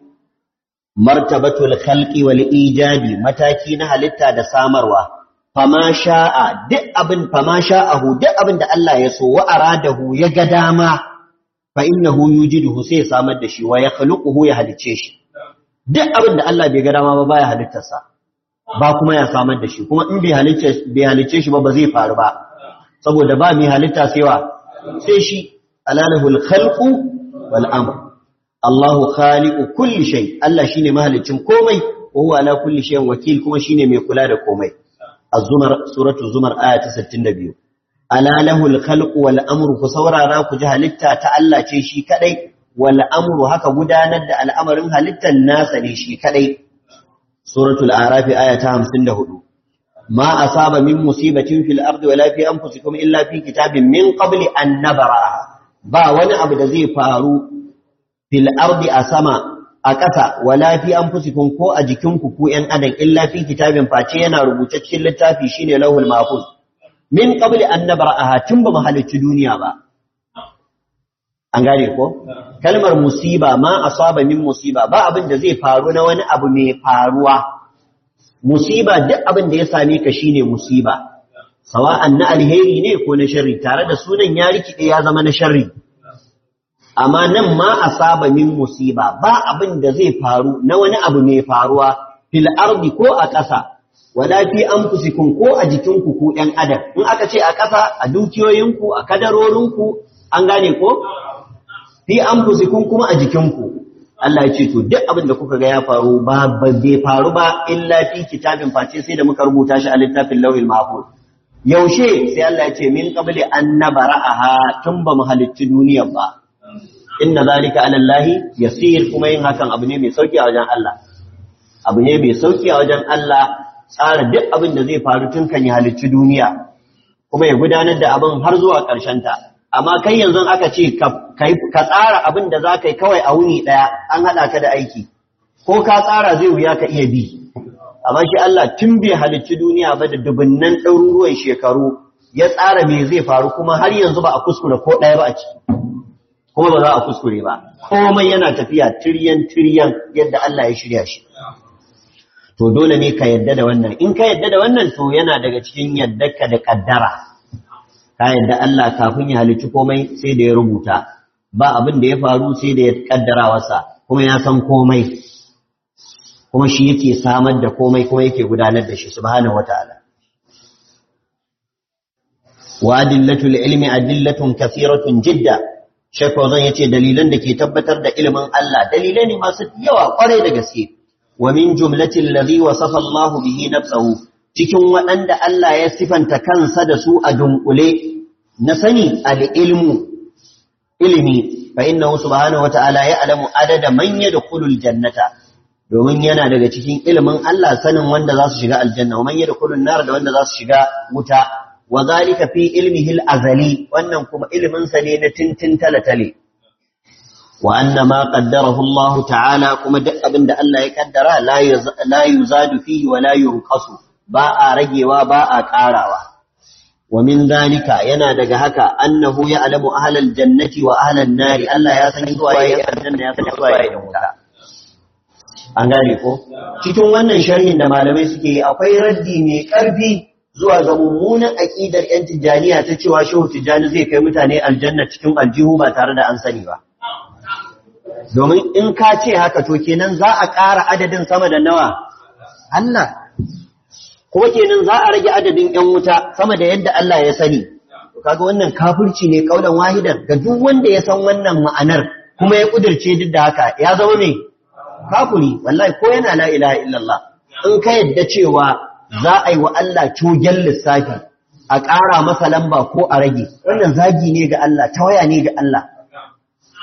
martabatul khalqi wal ijabi mataki na halitta da samarwa fama sha'a duk abin fama sha'ahu duk abin da Allah ya so wa aradahu ya ga dama fa innahu yujiduhu sai samar da shi wa yakhluquhu ya halice shi duk abin da Allah bai ga dama ba baya halittarsa ba kuma ya samar da shi kuma in bai halicce shi ba ba zai faru ba saboda ba mai halitta sai wa sai shi alalahul khalqu wal amr Allahu khaliqu kulli shay Allah shine mahaliccin komai wa huwa ala kulli wakil kuma shine mai kula da komai az-zumar suratu zumar aya ta 62 alalahul khalqu wal amr ku saurara ku ji halitta ta Allah ce shi kadai wal amru haka gudanar da al'amarin halittar nasa ne shi kadai suratul arafi aya ta 54 ma asaba min musibatin fil ardi wala fi anfusikum illa fi kitabin min qabli an nabara ba wani abu da zai faru fil ardi a sama a ƙasa wala fi anfusikum ko a jikinku ku ƴan adam illa fi kitabin face yana rubuce cikin littafi shine lahul mahfuz min qabli an nabra'aha tun ba mu halicci duniya ba an gane ko kalmar musiba ma asaba min musiba ba abin da zai faru na wani abu mai faruwa musiba duk abin da ya same ka shine musiba sawa'an na alheri ne ko na sharri tare da sunan ya rikide ya zama na sharri amma nan ma asaba min musiba ba abin da zai faru na wani abu mai faruwa fil ardi ko a ƙasa wala fi anfusikum ko a jikinku ku ɗan adam in aka ce a ƙasa a dukiyoyinku a kadarorinku an gane ko fi anfusikum kuma a jikinku Allah ya ce to duk abin da kuka ga ya faru ba ba zai faru ba illa fi kitabin face sai da muka rubuta shi a littafin lauhil mahfuz yaushe sai Allah ya ce min qabli an nabara'aha tun ba mu halicci duniyar ba inna zalika ala Allah yasir kuma yin hakan abu ne mai sauki a wajen Allah abu ne mai sauki a wajen Allah tsara duk abin da zai faru tun kan ya halicci duniya kuma ya gudanar da abin har zuwa ƙarshen ta amma kai yanzu aka ce ka tsara abin da za ka yi kawai a wuni ɗaya an haɗa ka da aiki ko ka tsara zai wuya ka iya bi amma shi Allah tun bai halicci duniya ba da dubunnan ɗaruruwan shekaru ya tsara me zai faru kuma har yanzu ba a kuskure ko ɗaya ba a ciki kuma ba za a kuskure ba komai yana tafiya tiryan tiryan yadda Allah ya shirya shi to dole ne ka yadda da wannan in ka yadda da wannan to yana daga cikin yadda da kaddara ka yadda Allah kafin ya halicci komai sai da ya rubuta ba abin da ya faru sai da ya kaddara wasa kuma ya san komai kuma shi yake samar da komai kuma yake gudanar da shi subhanahu wataala wa adillatul ilmi adillatun kathiratun jidda shekwa zan yace dalilan da ke tabbatar da ilimin Allah dalilai ne masu yawa kwarai da gaske wa min jumlatil ladhi wasafa Allahu bihi nafsuhu cikin waɗanda Allah ya sifanta kansa da su a dunkule na sani al-ilmu ilimi fa innahu subhanahu wata'ala ya'lamu adada da yadkhulul jannata domin yana daga cikin ilimin Allah sanin wanda za su shiga aljanna nar da wanda za su shiga wuta wa zalika fi ilmihi azali wannan kuma ilimin sa ne na tintin talatale wa anna ma qaddarahu Allah ta'ala kuma duk abin da Allah ya kaddara la yuzadu fihi wa la yunqasu ba a ragewa ba a ƙarawa wa min zalika yana daga haka annahu ya alamu ahlal jannati wa ahlan nari Allah ya san zuwa ya aljanna ya san zuwa ya wuta an gane ko cikin wannan sharhin da malamai suke yi akwai raddi mai ƙarfi zuwa ga mummunan aqidar yan tijaniya ta cewa shehu tijani zai kai mutane aljanna cikin aljihu ba tare da an sani ba domin in ka ce haka to kenan za a ƙara adadin sama da nawa Allah kuma kenan za a rage adadin ‘yan wuta sama da yadda Allah ya sani, kaga wannan kafirci ne kaulan wahidan ga duk wanda ya san wannan ma'anar kuma ya kudirce duk da haka ya zama ne kafiri wallahi ko yana la ilaha illallah in ka yadda cewa za a yi wa Allah cogen lissafi a ƙara masa lamba ko a rage wannan zagi ne ga Allah tawaya ne ga Allah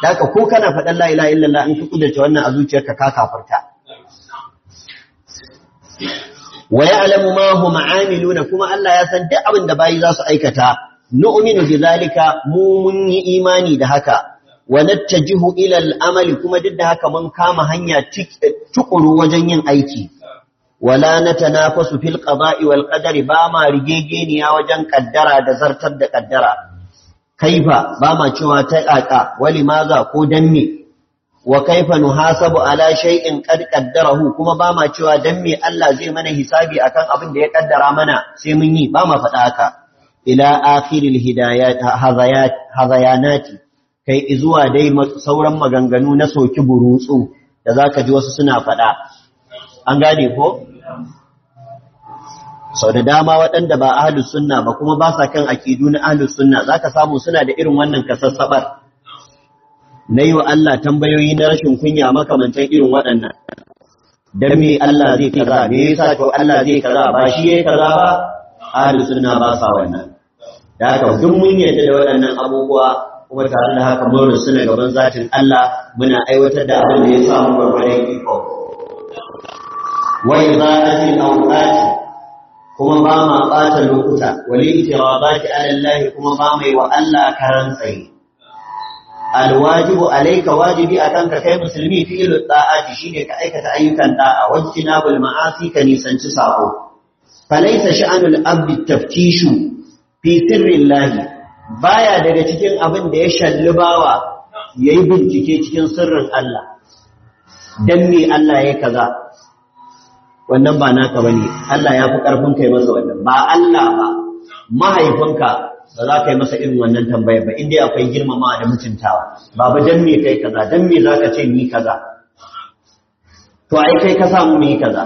haka ko kana faɗan la ilaha illallah in ka kudirce wannan a zuciyarka ka kafirta wa ya'lamu ma hum amiluna kuma Allah ya san duk abin da bayi za su aikata nu'minu bi zalika mu mun yi imani da haka wa nattajihu ila al-amali kuma duk da haka mun kama hanya tukuru wajen yin aiki wala natanafasu fil qada'i wal qadari ba ma rigegeniya wajen kaddara da zartar da kaddara kaifa ba ma cewa ta ƙaƙa, wali maza ko danne wa kaifa nuhasabu ala shay'in qad qaddarahu kuma ba ma cewa dan me Allah zai mana hisabi akan abin da ya kaddara mana sai mun yi ba ma faɗa haka ila akhiril hidayat hazayat hazayanati kai izuwa dai sauran maganganu na soki burutsu da zaka ji wasu suna faɗa an gane ko sau da dama waɗanda ba ahlus sunna ba kuma ba sa kan akidu na ahlus sunna zaka samu suna da irin wannan kasassabar na yi wa Allah tambayoyi na rashin kunya makamantan irin waɗannan dan Allah zai kaza me yasa to Allah zai kaza ba shi yayi kaza ba ahlus suna ba sa wannan da haka duk mun yarda da waɗannan abubuwa kuma tare da haka mun suna gaban zatin Allah muna aiwatar da abin da ya samu gwargwaron iko. Wai za a ce na wukaci, kuma ba ma ɓata lokuta, wali ita wa ba ki alallahi kuma ba mai wa Allah karan tsaye. alwajibu alayka wajibi akan ka kai musulmi fi'lu ta'ati shine ka aikata ayyukan da'a wajtina bil ma'asi ka nisanci sako falaysa sha'anul abdi taftishu fi sirrillahi baya daga cikin abin da ya shalli bawa yayi bincike cikin sirrin Allah dan me Allah ya kaza wannan ba naka bane Allah ya fi karfin kai masa wannan ba Allah ba mahaifinka ba za ka yi masa irin wannan tambaya ba inda akwai girmama da mutuntawa baba dan me kai kaza dan me zaka ce ni kaza to ai kai ka samu ni kaza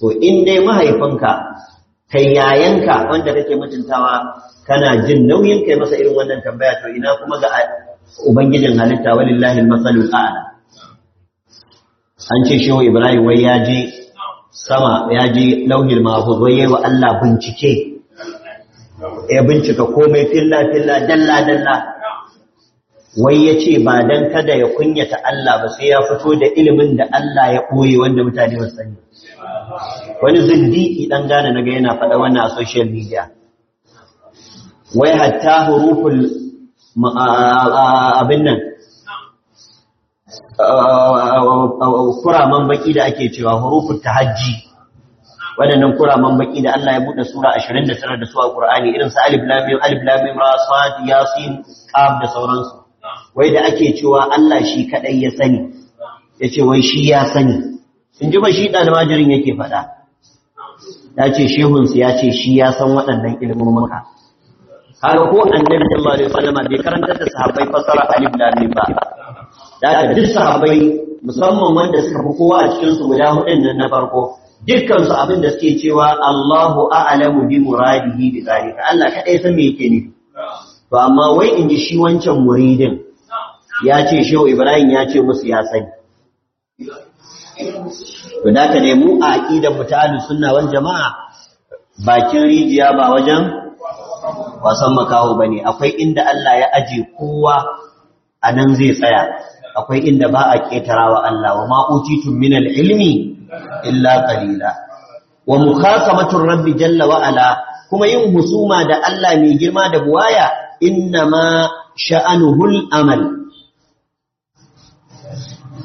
to in dai mahaifinka kai yayanka wanda kake mutuntawa kana jin nauyin kai masa irin wannan tambaya to ina kuma ga ubangijin halitta walillahi masalul a'la an ce shi wa ibrahim wai ya je sama ya je lauhil mahfuz wai yayi wa Allah bincike ya bincika komai filla filla dalla dalla wai ya ce ba dan kada ya kunyata Allah ba sai ya fito da ilimin da Allah ya ɓoye wanda mutane ba sani wani zindiki dan gane naga yana faɗa wannan a social media wai hatta huruful abin nan kuraman baki da ake cewa ta Hajji. waɗannan kuraman baki da Allah ya buɗe sura 29 da su a Qur'ani irin su alif lam mim alif lam mim ra sad yasin qaf da sauransu wai da ake cewa Allah shi kadai ya sani yace wai shi ya sani in ji ba shi dalmajirin yake faɗa yace shehun su yace shi ya san waɗannan ilmomin ka kaga ko annabi sallallahu alaihi wasallam bai karantar da sahabbai fasara alif lam mim ba da duk sahabbai musamman wanda suka fi kowa a cikin su guda hudun nan na farko Dukkansu su abin da suke cewa Allahu a'lamu bi muradihi bi zalika Allah kadai san me yake ne to amma wai in ji shi wancan muridin ya ce shehu Ibrahim ya ce musu ya sani to da ka mu a aqidar mu ta sunna wal jamaa bakin rijiya ba wajen wasan makaho bane akwai inda Allah ya aje kowa anan zai tsaya akwai inda ba a ketarawa Allah wa ma utitu min ilmi illa qalila wa mukhasamatur rabbi jalla wa ala kuma yin husuma da Allah mai girma da buwaya innama sha'anuhul amal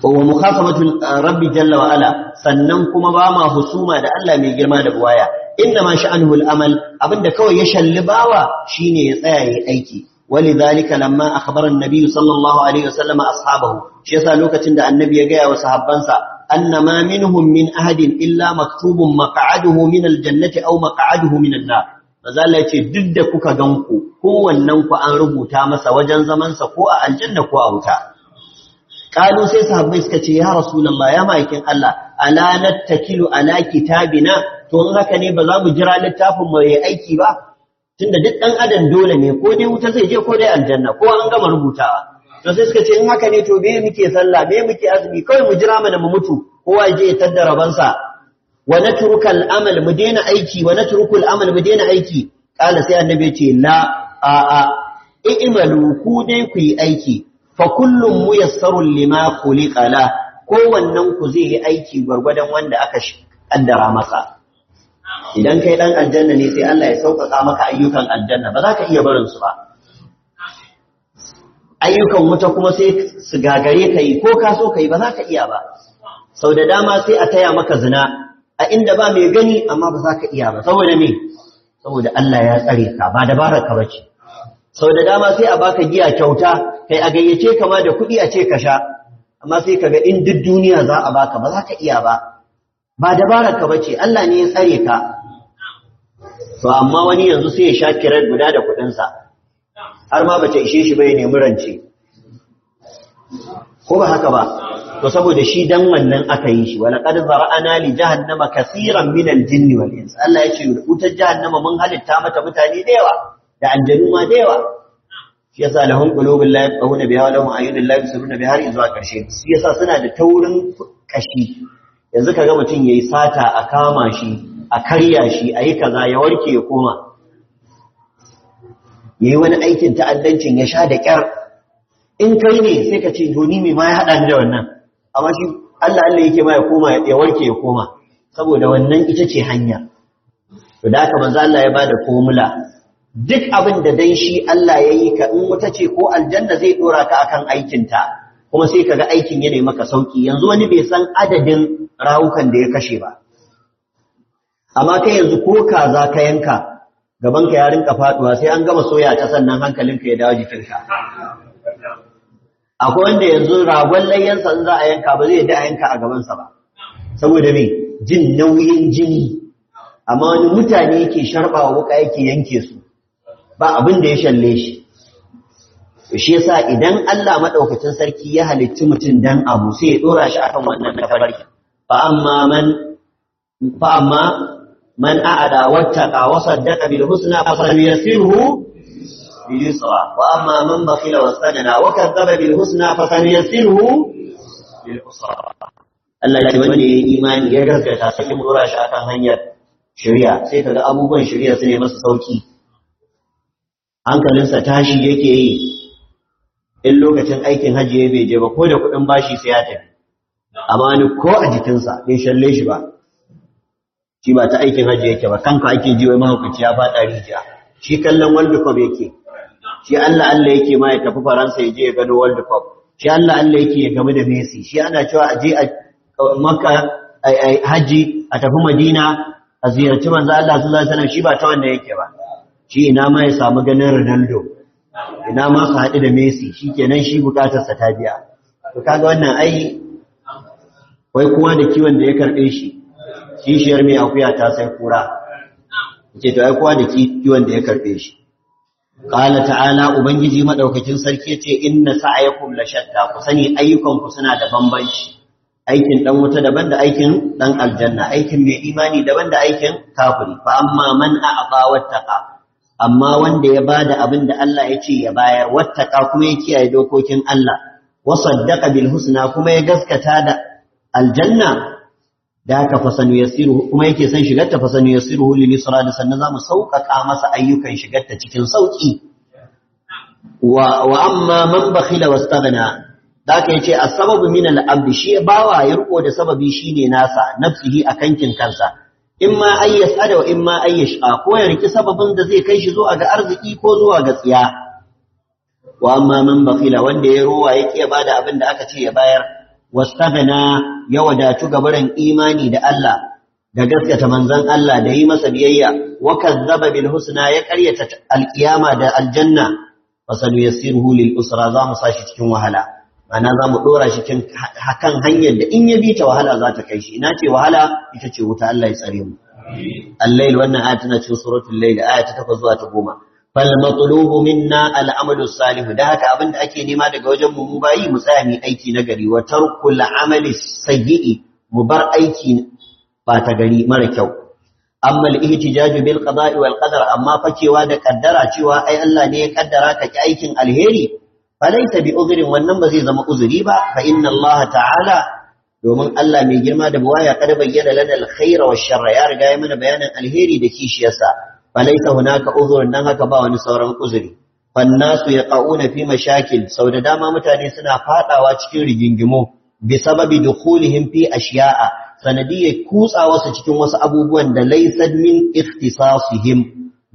wa mukhasamatul ah, rabbi jalla wa ala sannan kuma ba ma husuma da Allah mai girma da buwaya innama sha'anuhul amal abinda kawai ya shalli bawa shine ya tsaya yayi aiki ولذلك لما أخبر النبي صلى الله عليه وسلم أصحابه شيسا لوكة عند النبي يقيا وصحبانسا أن ما منهم من أحد إلا مكتوب مقعده من الجنة أو مقعده من النار mazala ce duk da kuka gan ku kowannen ku an rubuta masa wajen zamansa ko a aljanna ko a wuta kalu sai sahabbai suka ce ya rasulullah ya ma'aikin Allah ala nattakilu ala kitabina to in haka ne ba za mu jira littafin mu yayi aiki ba tunda duk ɗan adam dole ne ko dai wuta zai je ko dai aljanna ko an gama rubuta? to sai suka ce in haka ne to me muke salla me muke azumi kawai mu jira mana mu mutu kowa je ya tadda sa wa natruka al-amal mu daina aiki wa natruku al-amal mu daina aiki kala sai annabi ce la a a i'malu ku dai ku yi aiki fa kullum muyassaru lima khuliqa la kowannen ku zai yi aiki gwargwadon wanda aka kaddara masa idan kai dan aljanna ne sai Allah ya sauƙaƙa maka ayyukan aljanna ba za ka iya barin su ba ayyukan wuta kuma sai su gagare ka yi ko ka so ka yi ba za ka iya ba sau da dama sai a taya maka zina a inda ba mai gani amma ba za ka iya ba saboda me saboda Allah ya tsare ka ba dabara ka bace sau da dama sai a baka giya kyauta kai a gayyace ka ma da kuɗi a ce ka sha amma sai ka ga in duk duniya za a baka ba za ka iya ba ba dabara ka bace Allah ne ya tsare ka to amma wani yanzu sai ya sha kirar guda da kuɗinsa har ma bace ishe shi bai nemi rance ko ba haka ba to saboda shi dan wannan aka yi shi wala qad zara'ana li jahannama kaseeran min al-jinn wal ins Allah ya ce wutar jahannama mun halitta mata mutane da yawa da aljannu ma da yawa shi yasa lahum qulubun la yafqahuna biha wa lahum ayunun la yusiruna biha har karshe shi yasa suna da taurin kashi yanzu kaga mutum yayi sata a kama shi a karya shi ayi yi kaza ya warke ya koma yayi wani aikin ta'addancin ya sha da kyar in kai ne sai ka ce doni me ma ya hada ni da wannan amma shi Allah Allah yake ma ya koma ya warke ya koma saboda wannan ita ce hanya to da haka manzo Allah ya bada formula duk abin da dai shi Allah ya yi ka in wata ce ko aljanna zai dora ka akan aikin ta kuma sai kaga aikin yana maka sauki yanzu wani bai san adadin rawukan da ya kashe ba amma kai yanzu ko kaza ka yanka Gabanka ka ya rinka faduwa sai an gama soya ta sannan hankalinka ya dawo jikinka akwai wanda yanzu ragon layyansa in za a yanka ba zai da yanka a gabansa ba saboda me jin nauyin jini amma wani mutane yake sharba wuka yake yanke su ba abin da ya shalle shi shi yasa idan Allah madaukakin sarki ya halicci mutum dan abu sai ya dora shi akan wannan tafarki fa amma man fa amma man a'ada wattaqa wa saddaqa bil husna fa sanyassiruhu bil yusra wa amma man bakhila wastanana wa kadzdzaba bil husna fa sanyassiruhu bil usra Allah ya wani ya yi imani ya gaskata sai mu dora shi akan hanyar shari'a sai kaga abubuwan shari'a su ne masu sauki hankalinsa tashi yake yi in lokacin aikin hajji ya bai je ba ko da kuɗin bashi sai ya tafi amma ni ko a jikinsa bai shalle shi ba shi ba ta aikin hajji yake ba kanka ake ji wai mahaukaci ya faɗa rijiya shi kallon world cup yake shi Allah Allah yake ma ya tafi Faransa ya je ya gano world cup shi Allah Allah yake ya gamu da Messi shi ana cewa a je a Makka hajji a tafi Madina a ziyarci manzo Allah sallallahu alaihi wasallam shi ba ta wanda yake ba shi ina ma ya samu ganin Ronaldo ina ma su haɗu da Messi kenan shi bukatarsa ta biya to kaga wannan ai wai kowa da kiwon da ya karɓe shi kishiyar mai akuya ta sai kura ce to ai kowa da kiwon da ya karbe shi qala ta'ala ubangiji madaukakin sarki ce inna sa'aykum la shatta ku sani ayyukan ku suna da bambanci aikin dan wuta daban da aikin dan aljanna aikin mai imani daban da aikin kafiri fa amma man a'ta wattaqa amma wanda ya bada abin da Allah ya ce ya bayar wattaqa kuma ya kiyaye dokokin Allah wa saddaqa bil husna kuma ya gaskata da aljanna da fasanu kuma yake son shigar ta fasanu yasiru lil yusra da sannan zamu sauƙaƙa masa ayyukan shigar ta cikin sauƙi wa amma man bakhila wastaghna da haka yace as-sababu min al-abd shi bawa ya riko da sababi shine nasa nafsihi kankin kansa imma ay yas'ada wa imma ay ko ya riki sababin da zai kai shi zuwa ga arziki ko zuwa ga tsiya wa amma man bakhila wanda ya rowa yake bada abin da aka ce ya bayar wastaghna ya wadatu gabaran imani da Allah da gaskata manzon Allah da yi masa biyayya wa kazzaba bil husna ya qaryata alqiyama da aljanna fasanu yassiruhu lil usra za mu sashi cikin wahala ana za mu dora shi cikin hakan hanyar da in ya bi ta wahala za ta kai shi ina ce wahala ita ce wuta Allah ya tsare mu al layl wannan aya tana cikin suratul lail aya ta 8 zuwa ta 10 fal minna al amalu da haka abin da ake nema daga wajen mu mu bayi mu tsaya mu aiki na gari wa tarkul amali sayyi mu bar aiki ba ta gari mara kyau amma al-ihtijaju bil qada'i wal qadar amma fakewa da kaddara cewa ai Allah ne ya kaddara ka ki aikin alheri falaysa bi uzrin wannan ba zai zama uzuri ba fa inna Allah ta'ala domin Allah mai girma da buwaya kada bayyana lana al-khaira wash-sharra ya riga ya mana bayanin alheri da kishiyarsa falaisa hunaka uzur dan haka ba wani sauran uzuri fannasu yaqauna fi mashakil sau da dama mutane suna fadawa cikin rigingimo bi sababi dukhulihim fi ashiya'a sanadiyya kutsa wasu cikin wasu abubuwan da laysa min ikhtisasihim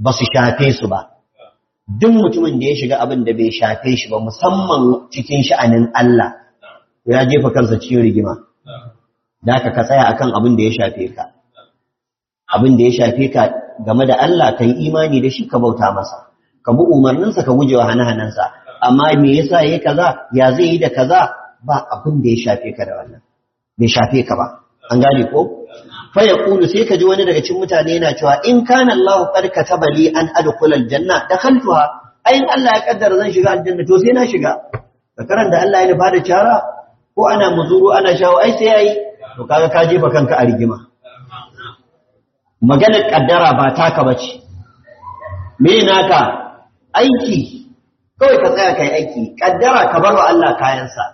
ba su shafe su ba duk mutumin da ya shiga abin da bai shafe shi ba musamman cikin sha'anin Allah ya jefa kansa cikin rigima da ka ka tsaya akan abin da ya shafe ka abin da ya shafe ka game da Allah ka yi imani da shi ka bauta masa ka bi umarninsa ka gujewa hane-hanensa amma me yasa yayi kaza ya zai yi da kaza ba abin da ya shafe ka da wannan bai shafe ka ba an gane ko fa yaqulu sai ka ji wani daga cikin mutane yana cewa in kana Allahu qad kataba li an adkhula aljanna dakhaltuha ayin Allah ya kaddara zan shiga aljanna to sai na shiga ka da Allah ya nufa da cara ko ana muzuru ana shawo ai sai yayi to kaga ka jefa kanka a rigima maganar ƙaddara ba taka bace me naka aiki kawai ka tsaya kai aiki Ƙaddara ka bar wa Allah kayansa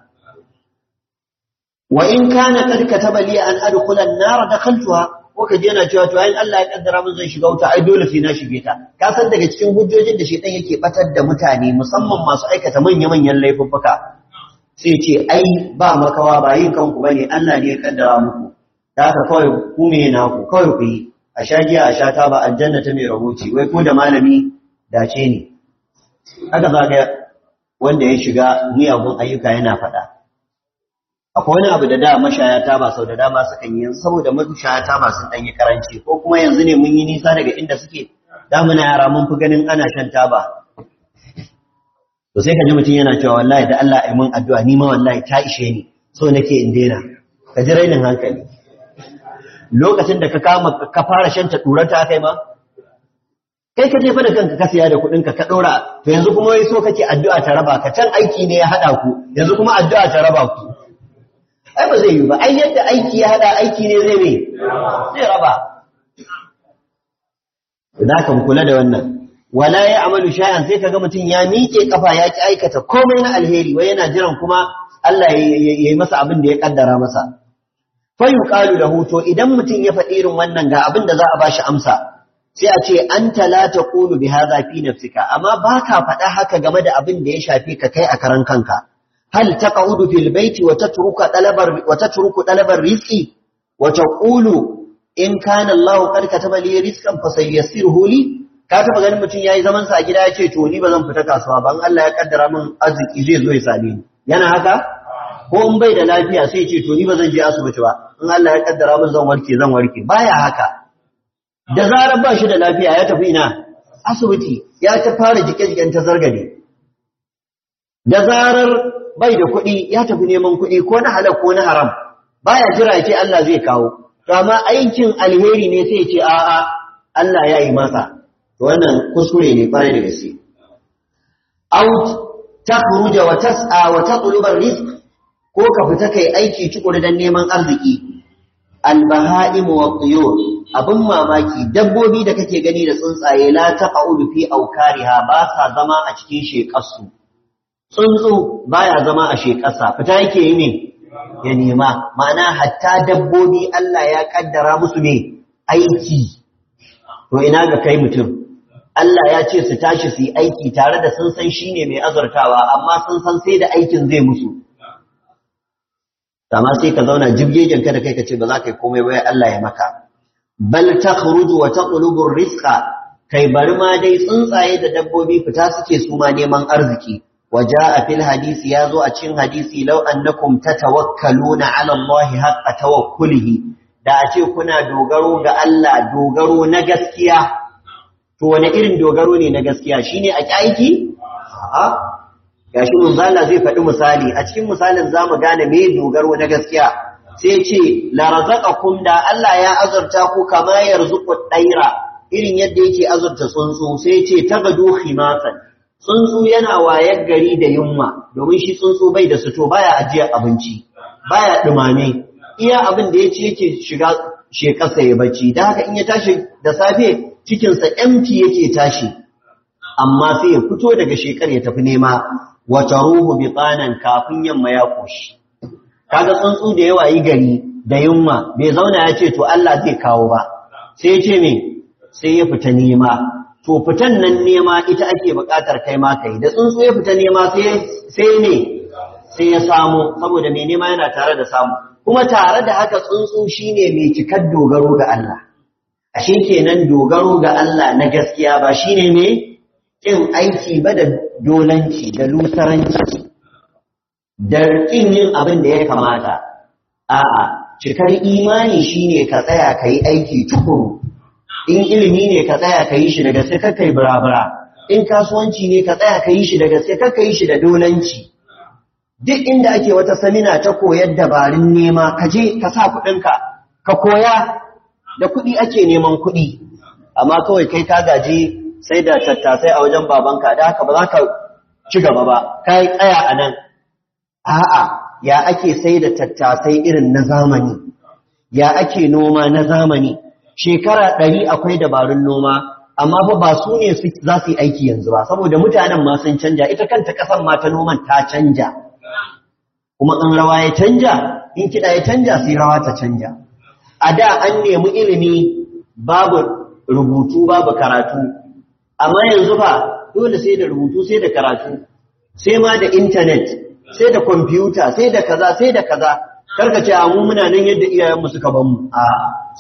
wa in kana kad taba liya an adkhula an-nar dakhaltuha ko ka je na cewa to ayin Allah ya kaddara mun zai shiga wuta ai dole sai na shige ta ka san daga cikin hujjojin da shedan yake batar da mutane musamman masu aikata manyan manyan laifuffuka sai ce ai ba makawa ba yin kanku bane Allah ne ya kaddara muku Ta ka kawai ku me na ku kawai ku yi a sha giya a sha taba aljanna ta mai rahoci wai ko da malami dace ne haka za wanda ya shiga miyagun ayyuka yana faɗa akwai wani abu da da mashaya taba sau da dama sukan yi saboda mashaya taba sun ɗan karanci ko kuma yanzu ne mun yi nisa daga inda suke damuna yara mun fi ganin ana shan taba to sai ka ji mutum yana cewa wallahi da Allah ai mun addu'a ni ma wallahi ta ishe ni so nake in daina ka ji rainin hankali lokacin da ka kama ka fara shanta durar ta kai ma kai ka jefa da kanka ka siya da kudin ka ka ɗora to yanzu kuma wai so kake addu'a ta raba ka can aiki ne ya haɗa ku yanzu kuma addu'a ta raba ku ai ba zai yi ba ai yadda aiki ya haɗa aiki ne zai ne zai raba idan ka kula da wannan wala ya amalu sha'an sai kaga mutum ya miƙe kafa ya ki aikata komai na alheri wai yana jiran kuma Allah ya yi masa abin da ya kaddara masa Fayu, ƙalu da hoto. idan mutum ya faɗi irin wannan ga abin da za a bashi amsa sai a ce anta la taqulu bi hadha fi nafsika amma ba ka faɗa haka game da abin da ya shafe ka kai a karan kanka hal taqudu fil baiti wa tatruku talabar wa tatruku talabar rizqi wa taqulu in kana Allah qad kataba li rizqan fasayassirhu li ka taba ganin mutum yayi zaman sa a gida yace to ni ba zan fita kasuwa ba An Allah ya kaddara min arziki zai zo ya same ni yana haka ko in bai da lafiya sai ce to ni ba zan je asibiti ba in Allah ya kaddara min zan warke zan warke baya haka da zarar ba shi da lafiya ya tafi ina asibiti ya ta fara jike-jiken ta zargade da zarar bai da kuɗi ya tafi neman kuɗi ko na halal ko na haram baya jira ce Allah zai kawo amma aikin alheri ne sai ce a'a Allah ya yi masa to wannan kuskure ne fara da gaske out takhruja wa tas'a wa rizq ko ka fita kai aiki tukuru dan neman arziki albaha'im wa tuyur abin mamaki dabbobi da kake gani da tsuntsaye la taqa'u fi aukariha ba sa zama a cikin shekasu tsuntsu baya zama a shekasa. fita yake yi ne ya nema ma'ana hatta dabbobi Allah ya kaddara musu ne aiki to ina ga kai mutum Allah ya ce su tashi su yi aiki tare da sun san shine mai azurtawa amma sun san sai da aikin zai musu amma sai ka zauna jibgegen ka da kai ka ce ba za ka yi komai ba ya Allah ya maka bal takhruju wa taqlubu rizqa kai bari ma dai tsuntsaye da dabbobi fita suke su ma neman arziki وجاء a cikin hadisi cikin hadisi law annakum tatawakkaluna ala Allah haqqa tawakkulihi da a ce kuna dogaro ga Allah dogaro na gaskiya to wani irin dogaro ne na gaskiya shine a aiki A'a. gashi Muzala zai faɗi misali a cikin misalin za mu gane me dogaro na gaskiya sai ce la razaqakum da Allah ya azurta ku kama yarzuqu daira irin yadda yake azurta tsuntsu sai ce tagadu khimatan tsuntsu yana wayar gari da yunwa domin shi tsuntsu bai da suto baya ajiyar abinci baya dumami. iya abin da ce yake shiga shekarsa ya bacci da haka in ya tashi da safe cikinsa empty yake tashi amma sai ya fito daga shekar ya tafi nema wata taruhu bi tsanan kafin yamma ya koshi kaga tsuntsu da yawa yi gari da yunwa bai zauna ya ce to Allah zai kawo ba sai ya ce me sai ya fita nema to fitan nan nema ita ake buƙatar kai ma kai da tsuntsu ya fita nema sai sai ne sai ya samu saboda mai nema yana tare da samu kuma tare da haka tsuntsu shine mai cikar dogaro ga Allah ashe kenan dogaro ga Allah na gaskiya ba shine me ƙin aiki ba da dolanci da lusaranci da ƙin yin abin da ya kamata a'a cikar imani shine ka tsaya ka yi aiki tukuru in ilimi ne ka tsaya ka yi shi daga sai kai burabura in kasuwanci ne ka tsaya ka yi shi daga sai kai shi da dolanci duk inda ake wata samina ta koyar dabarun nema ka je ka sa kuɗinka ka koya da kuɗi ake neman kuɗi amma kawai kai ka gaji sai da tattasai a wajen babanka da haka ba za ka ci gaba ba kai tsaya a nan a'a ya ake sai da tattasai irin na zamani ya ake noma na zamani shekara ɗari akwai dabarun noma amma fa ba su ne za su yi aiki yanzu ba saboda mutanen ma sun canja ita kanta ƙasar ma ta noman ta canja kuma in rawa ya canja in kiɗa ya canja sai rawa ta canja a da an nemi ilimi babu rubutu babu karatu amma yanzu fa dole sai da rubutu sai da karatu sai ma da intanet sai da kwamfuta sai da kaza sai da kaza karka ce mu muna nan yadda iyayenmu suka ban mu a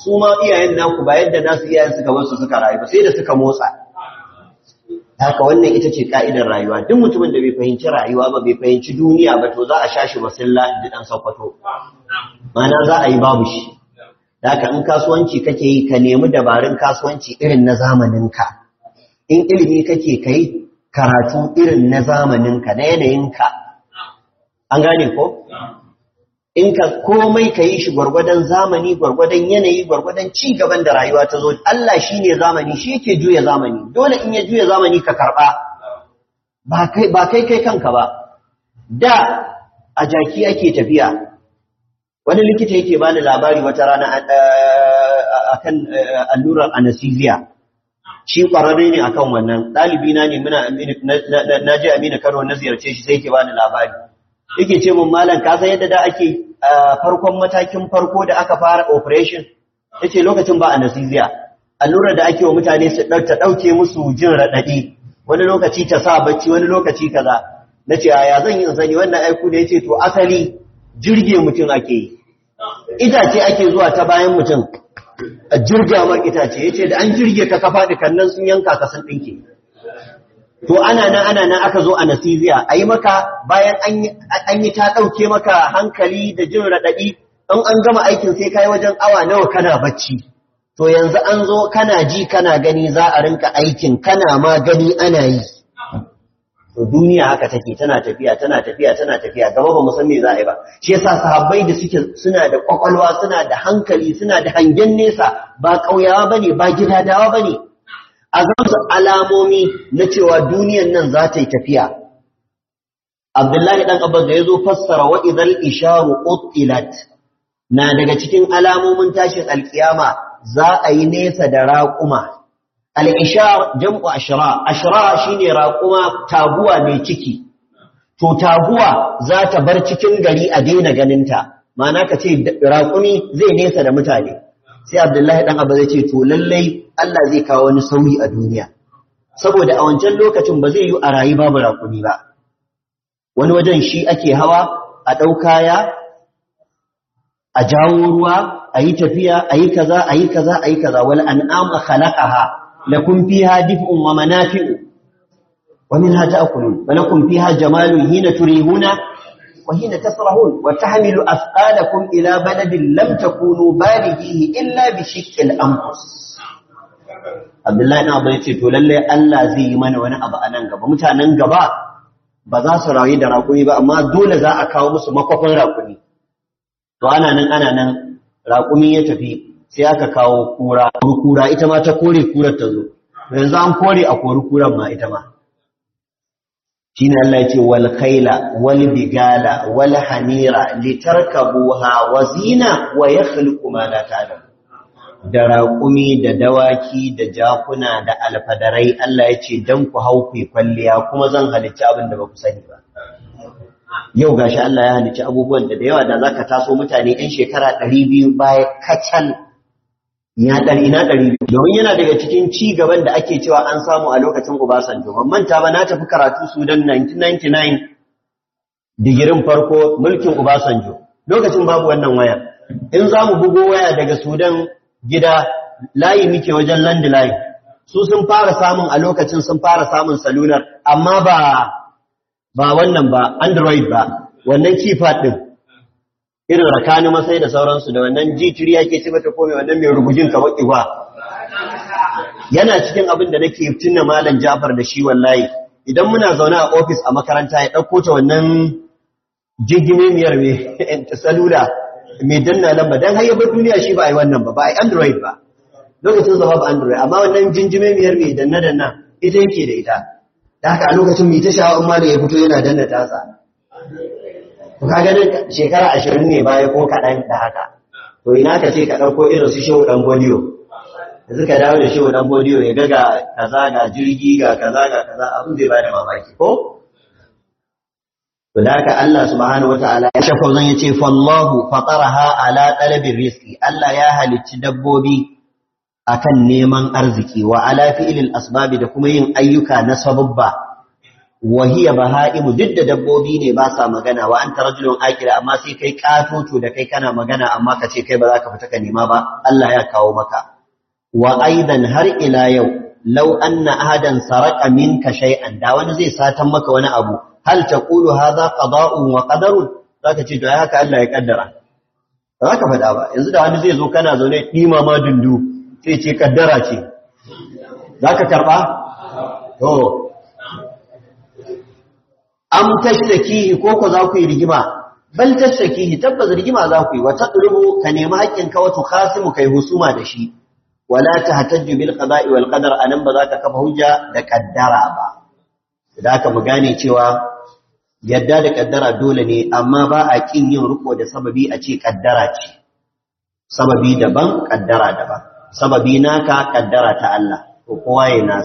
su ma iyayen naku ba yadda nasu iyayen suka ban su suka rayu ba sai da suka motsa haka wannan ita ce ka'idar rayuwa duk mutumin da bai fahimci rayuwa ba bai fahimci duniya ba to za a sha shi masalla da dan sakwato mana za a yi babu shi haka in kasuwanci kake yi ka nemi dabarun kasuwanci irin na zamanin ka. in ilimi kake kai karatu irin na zamaninka na yanayinka an gane ko in ka komai ka yi shi gwargwadon zamani gwargwadon yanayi gwargwadon ci gaban da rayuwa ta zo Allah shi ne zamani shi yake juya zamani dole in ya juya zamani ka karɓa ba kai kai kanka ba da a jaki ake tafiya wani likita yake bani labari wata rana eh, akan eh, allurar anesthesia shi ƙwararre ne akan wannan ɗalibi na ne muna na je Aminu Kano na ziyarce shi sai ke bani labari yake ce mun malam ka san yadda da ake farkon matakin farko da aka fara operation yace lokacin ba anesthesia allura da ake wa mutane su ta dauke musu jin radadi wani lokaci ta sa bacci wani lokaci kaza nace ya zan yi sani wannan aiku da yace to asali jirge mutum ake yi itace ake zuwa ta bayan mutum a jirga itace yace da an jirge ka kafaɗi kannan sun yanka ka san ɗinki to ana nan ana nan aka zo a Nasiriya a yi maka bayan an yi ta ɗauke maka hankali da jin raɗaɗi in an gama aikin sai yi wajen awa nawa kana bacci to yanzu an zo kana ji kana gani za a rinka aikin kana ma gani ana yi to duniya haka take tana tafiya tana tafiya tana tafiya gaba ba mu san me za yi ba shi yasa sahabbai da suke suna da kwakwalwa suna da hankali suna da hangen nesa ba kauyawa bane ba gida dawa bane a gamsu alamomi na cewa duniyan nan za ta yi tafiya Abdullahi dan Abbas da zo fassara wa idhal isharu utilat na daga cikin alamomin tashin alkiyama za a yi nesa da raƙuma al'ishar jam'u ashira ashira shine raƙuma taguwa mai ciki to taguwa za ta bar cikin gari a daina ganinta ma'ana ka ce raƙumi zai nesa da mutane sai abdullahi ɗan abu zai ce to lallai Allah zai kawo wani sauyi a duniya saboda a wancan lokacin ba zai yi a rayu babu raƙumi ba wani wajen shi ake hawa a ɗaukaya a jawo ruwa a yi tafiya a yi kaza a yi kaza a yi kaza wal an'ama khalaqaha lakum fiha dif'un wa manafi'u wa minha ta'kulun wa lakum fiha jamalun hina turihuna wa hina tasrahun wa tahmilu athqalakum ila baladin lam takunu balighihi illa bi shiqqil Abdullahi na ya ce to lallai Allah zai yi mana wani abu a nan gaba mutanen gaba ba za su rayu da rakumi ba amma dole za a kawo musu makwafin rakumi to ana nan ana nan raƙumi ya tafi sai aka kawo kura kura ita ma ta kore kurar ta zo yanzu an kore a kori kurar ma ita ma shine Allah ya ce wal khayla wal bigala wal hamira litarkabuha wa zina wa yakhluqu ma la ta'lam da raƙumi da dawaki da jakuna da alfadarai Allah ya ce don ku hau ku kwalliya kuma zan halicci abin da ba ku sani ba. Yau gashi Allah ya halicci abubuwan da da yawa da zaka taso mutane ‘yan shekara ɗari biyu baya kacal ya ɗari na ɗari domin yana daga cikin ci gaban da ake cewa an samu a lokacin Obasanjo ban manta ba na tafi karatu Sudan 1999 digirin farko mulkin Obasanjo lokacin babu wannan waya in za mu bugo waya daga Sudan gida layi muke wajen landline su sun fara samun a lokacin sun fara samun salunar, amma ba ba wannan ba android ba wannan kifa din irin rakani masai da sauransu da wannan jitiri yake ci mata kome wannan mai rubujin kamar iwa yana cikin abin da nake tunna malam Jafar da shi wallahi idan muna zaune a office a makaranta ya dauko ta wannan jigime miyar mai eh, salula mai danna lamba dan har yabar duniya shi ba ai wannan ba ba ai android ba lokacin zama ba android amma wannan jinjime miyar mai danna danna ita yake da ita da haka a lokacin mai ta sha'awar ma da ya fito yana danna tasa Ka ga ganin shekara ashirin ne baya ko kaɗan da haka to ina ka ce ka ɗauko irin su shehu ɗan bodiyo yanzu ka dawo da shehu ɗan godiyo? ya ga ga kaza ga jirgi ga kaza ga kaza abin zai bada mamaki ko to da Allah subhanahu wataala ya shafa zan yace fallahu fataraha ala ɗalibin riski". Allah ya halicci dabbobi akan neman arziki wa ala fi'lil asbabi da kuma yin ayyuka na sababba wa hiya bahaimu duk da dabbobi ne ba sa magana wa anta rajulun akila amma sai kai katoto da kai kana magana amma ka ce kai ba za ka fita ka nema ba Allah ya kawo maka wa aidan har ila yau law anna ahadan saraka minka da wani zai satan maka wani abu hal taqulu hadha qada'un wa qadarun zaka ce to ai haka Allah ya kaddara ba za ka faɗa ba yanzu da wani zai zo kana zaune ɗima ma sai ce kaddara ce za ka karɓa to am tashtakihi ko ko za ku yi rigima bal tashtakihi tabbas rigima za ku yi wa tadrubu ka nemi hakkin ka wato khasimu kai husuma da shi wala tahtajju bil qada'i wal qadar anan ba za ka kafa hujja da kaddara ba da ka mu gane cewa yadda da kaddara dole ne amma ba a kin yin ruko da sababi a ce kaddara ce sababi daban kaddara daban sababi naka kaddara ta Allah ko kowa yana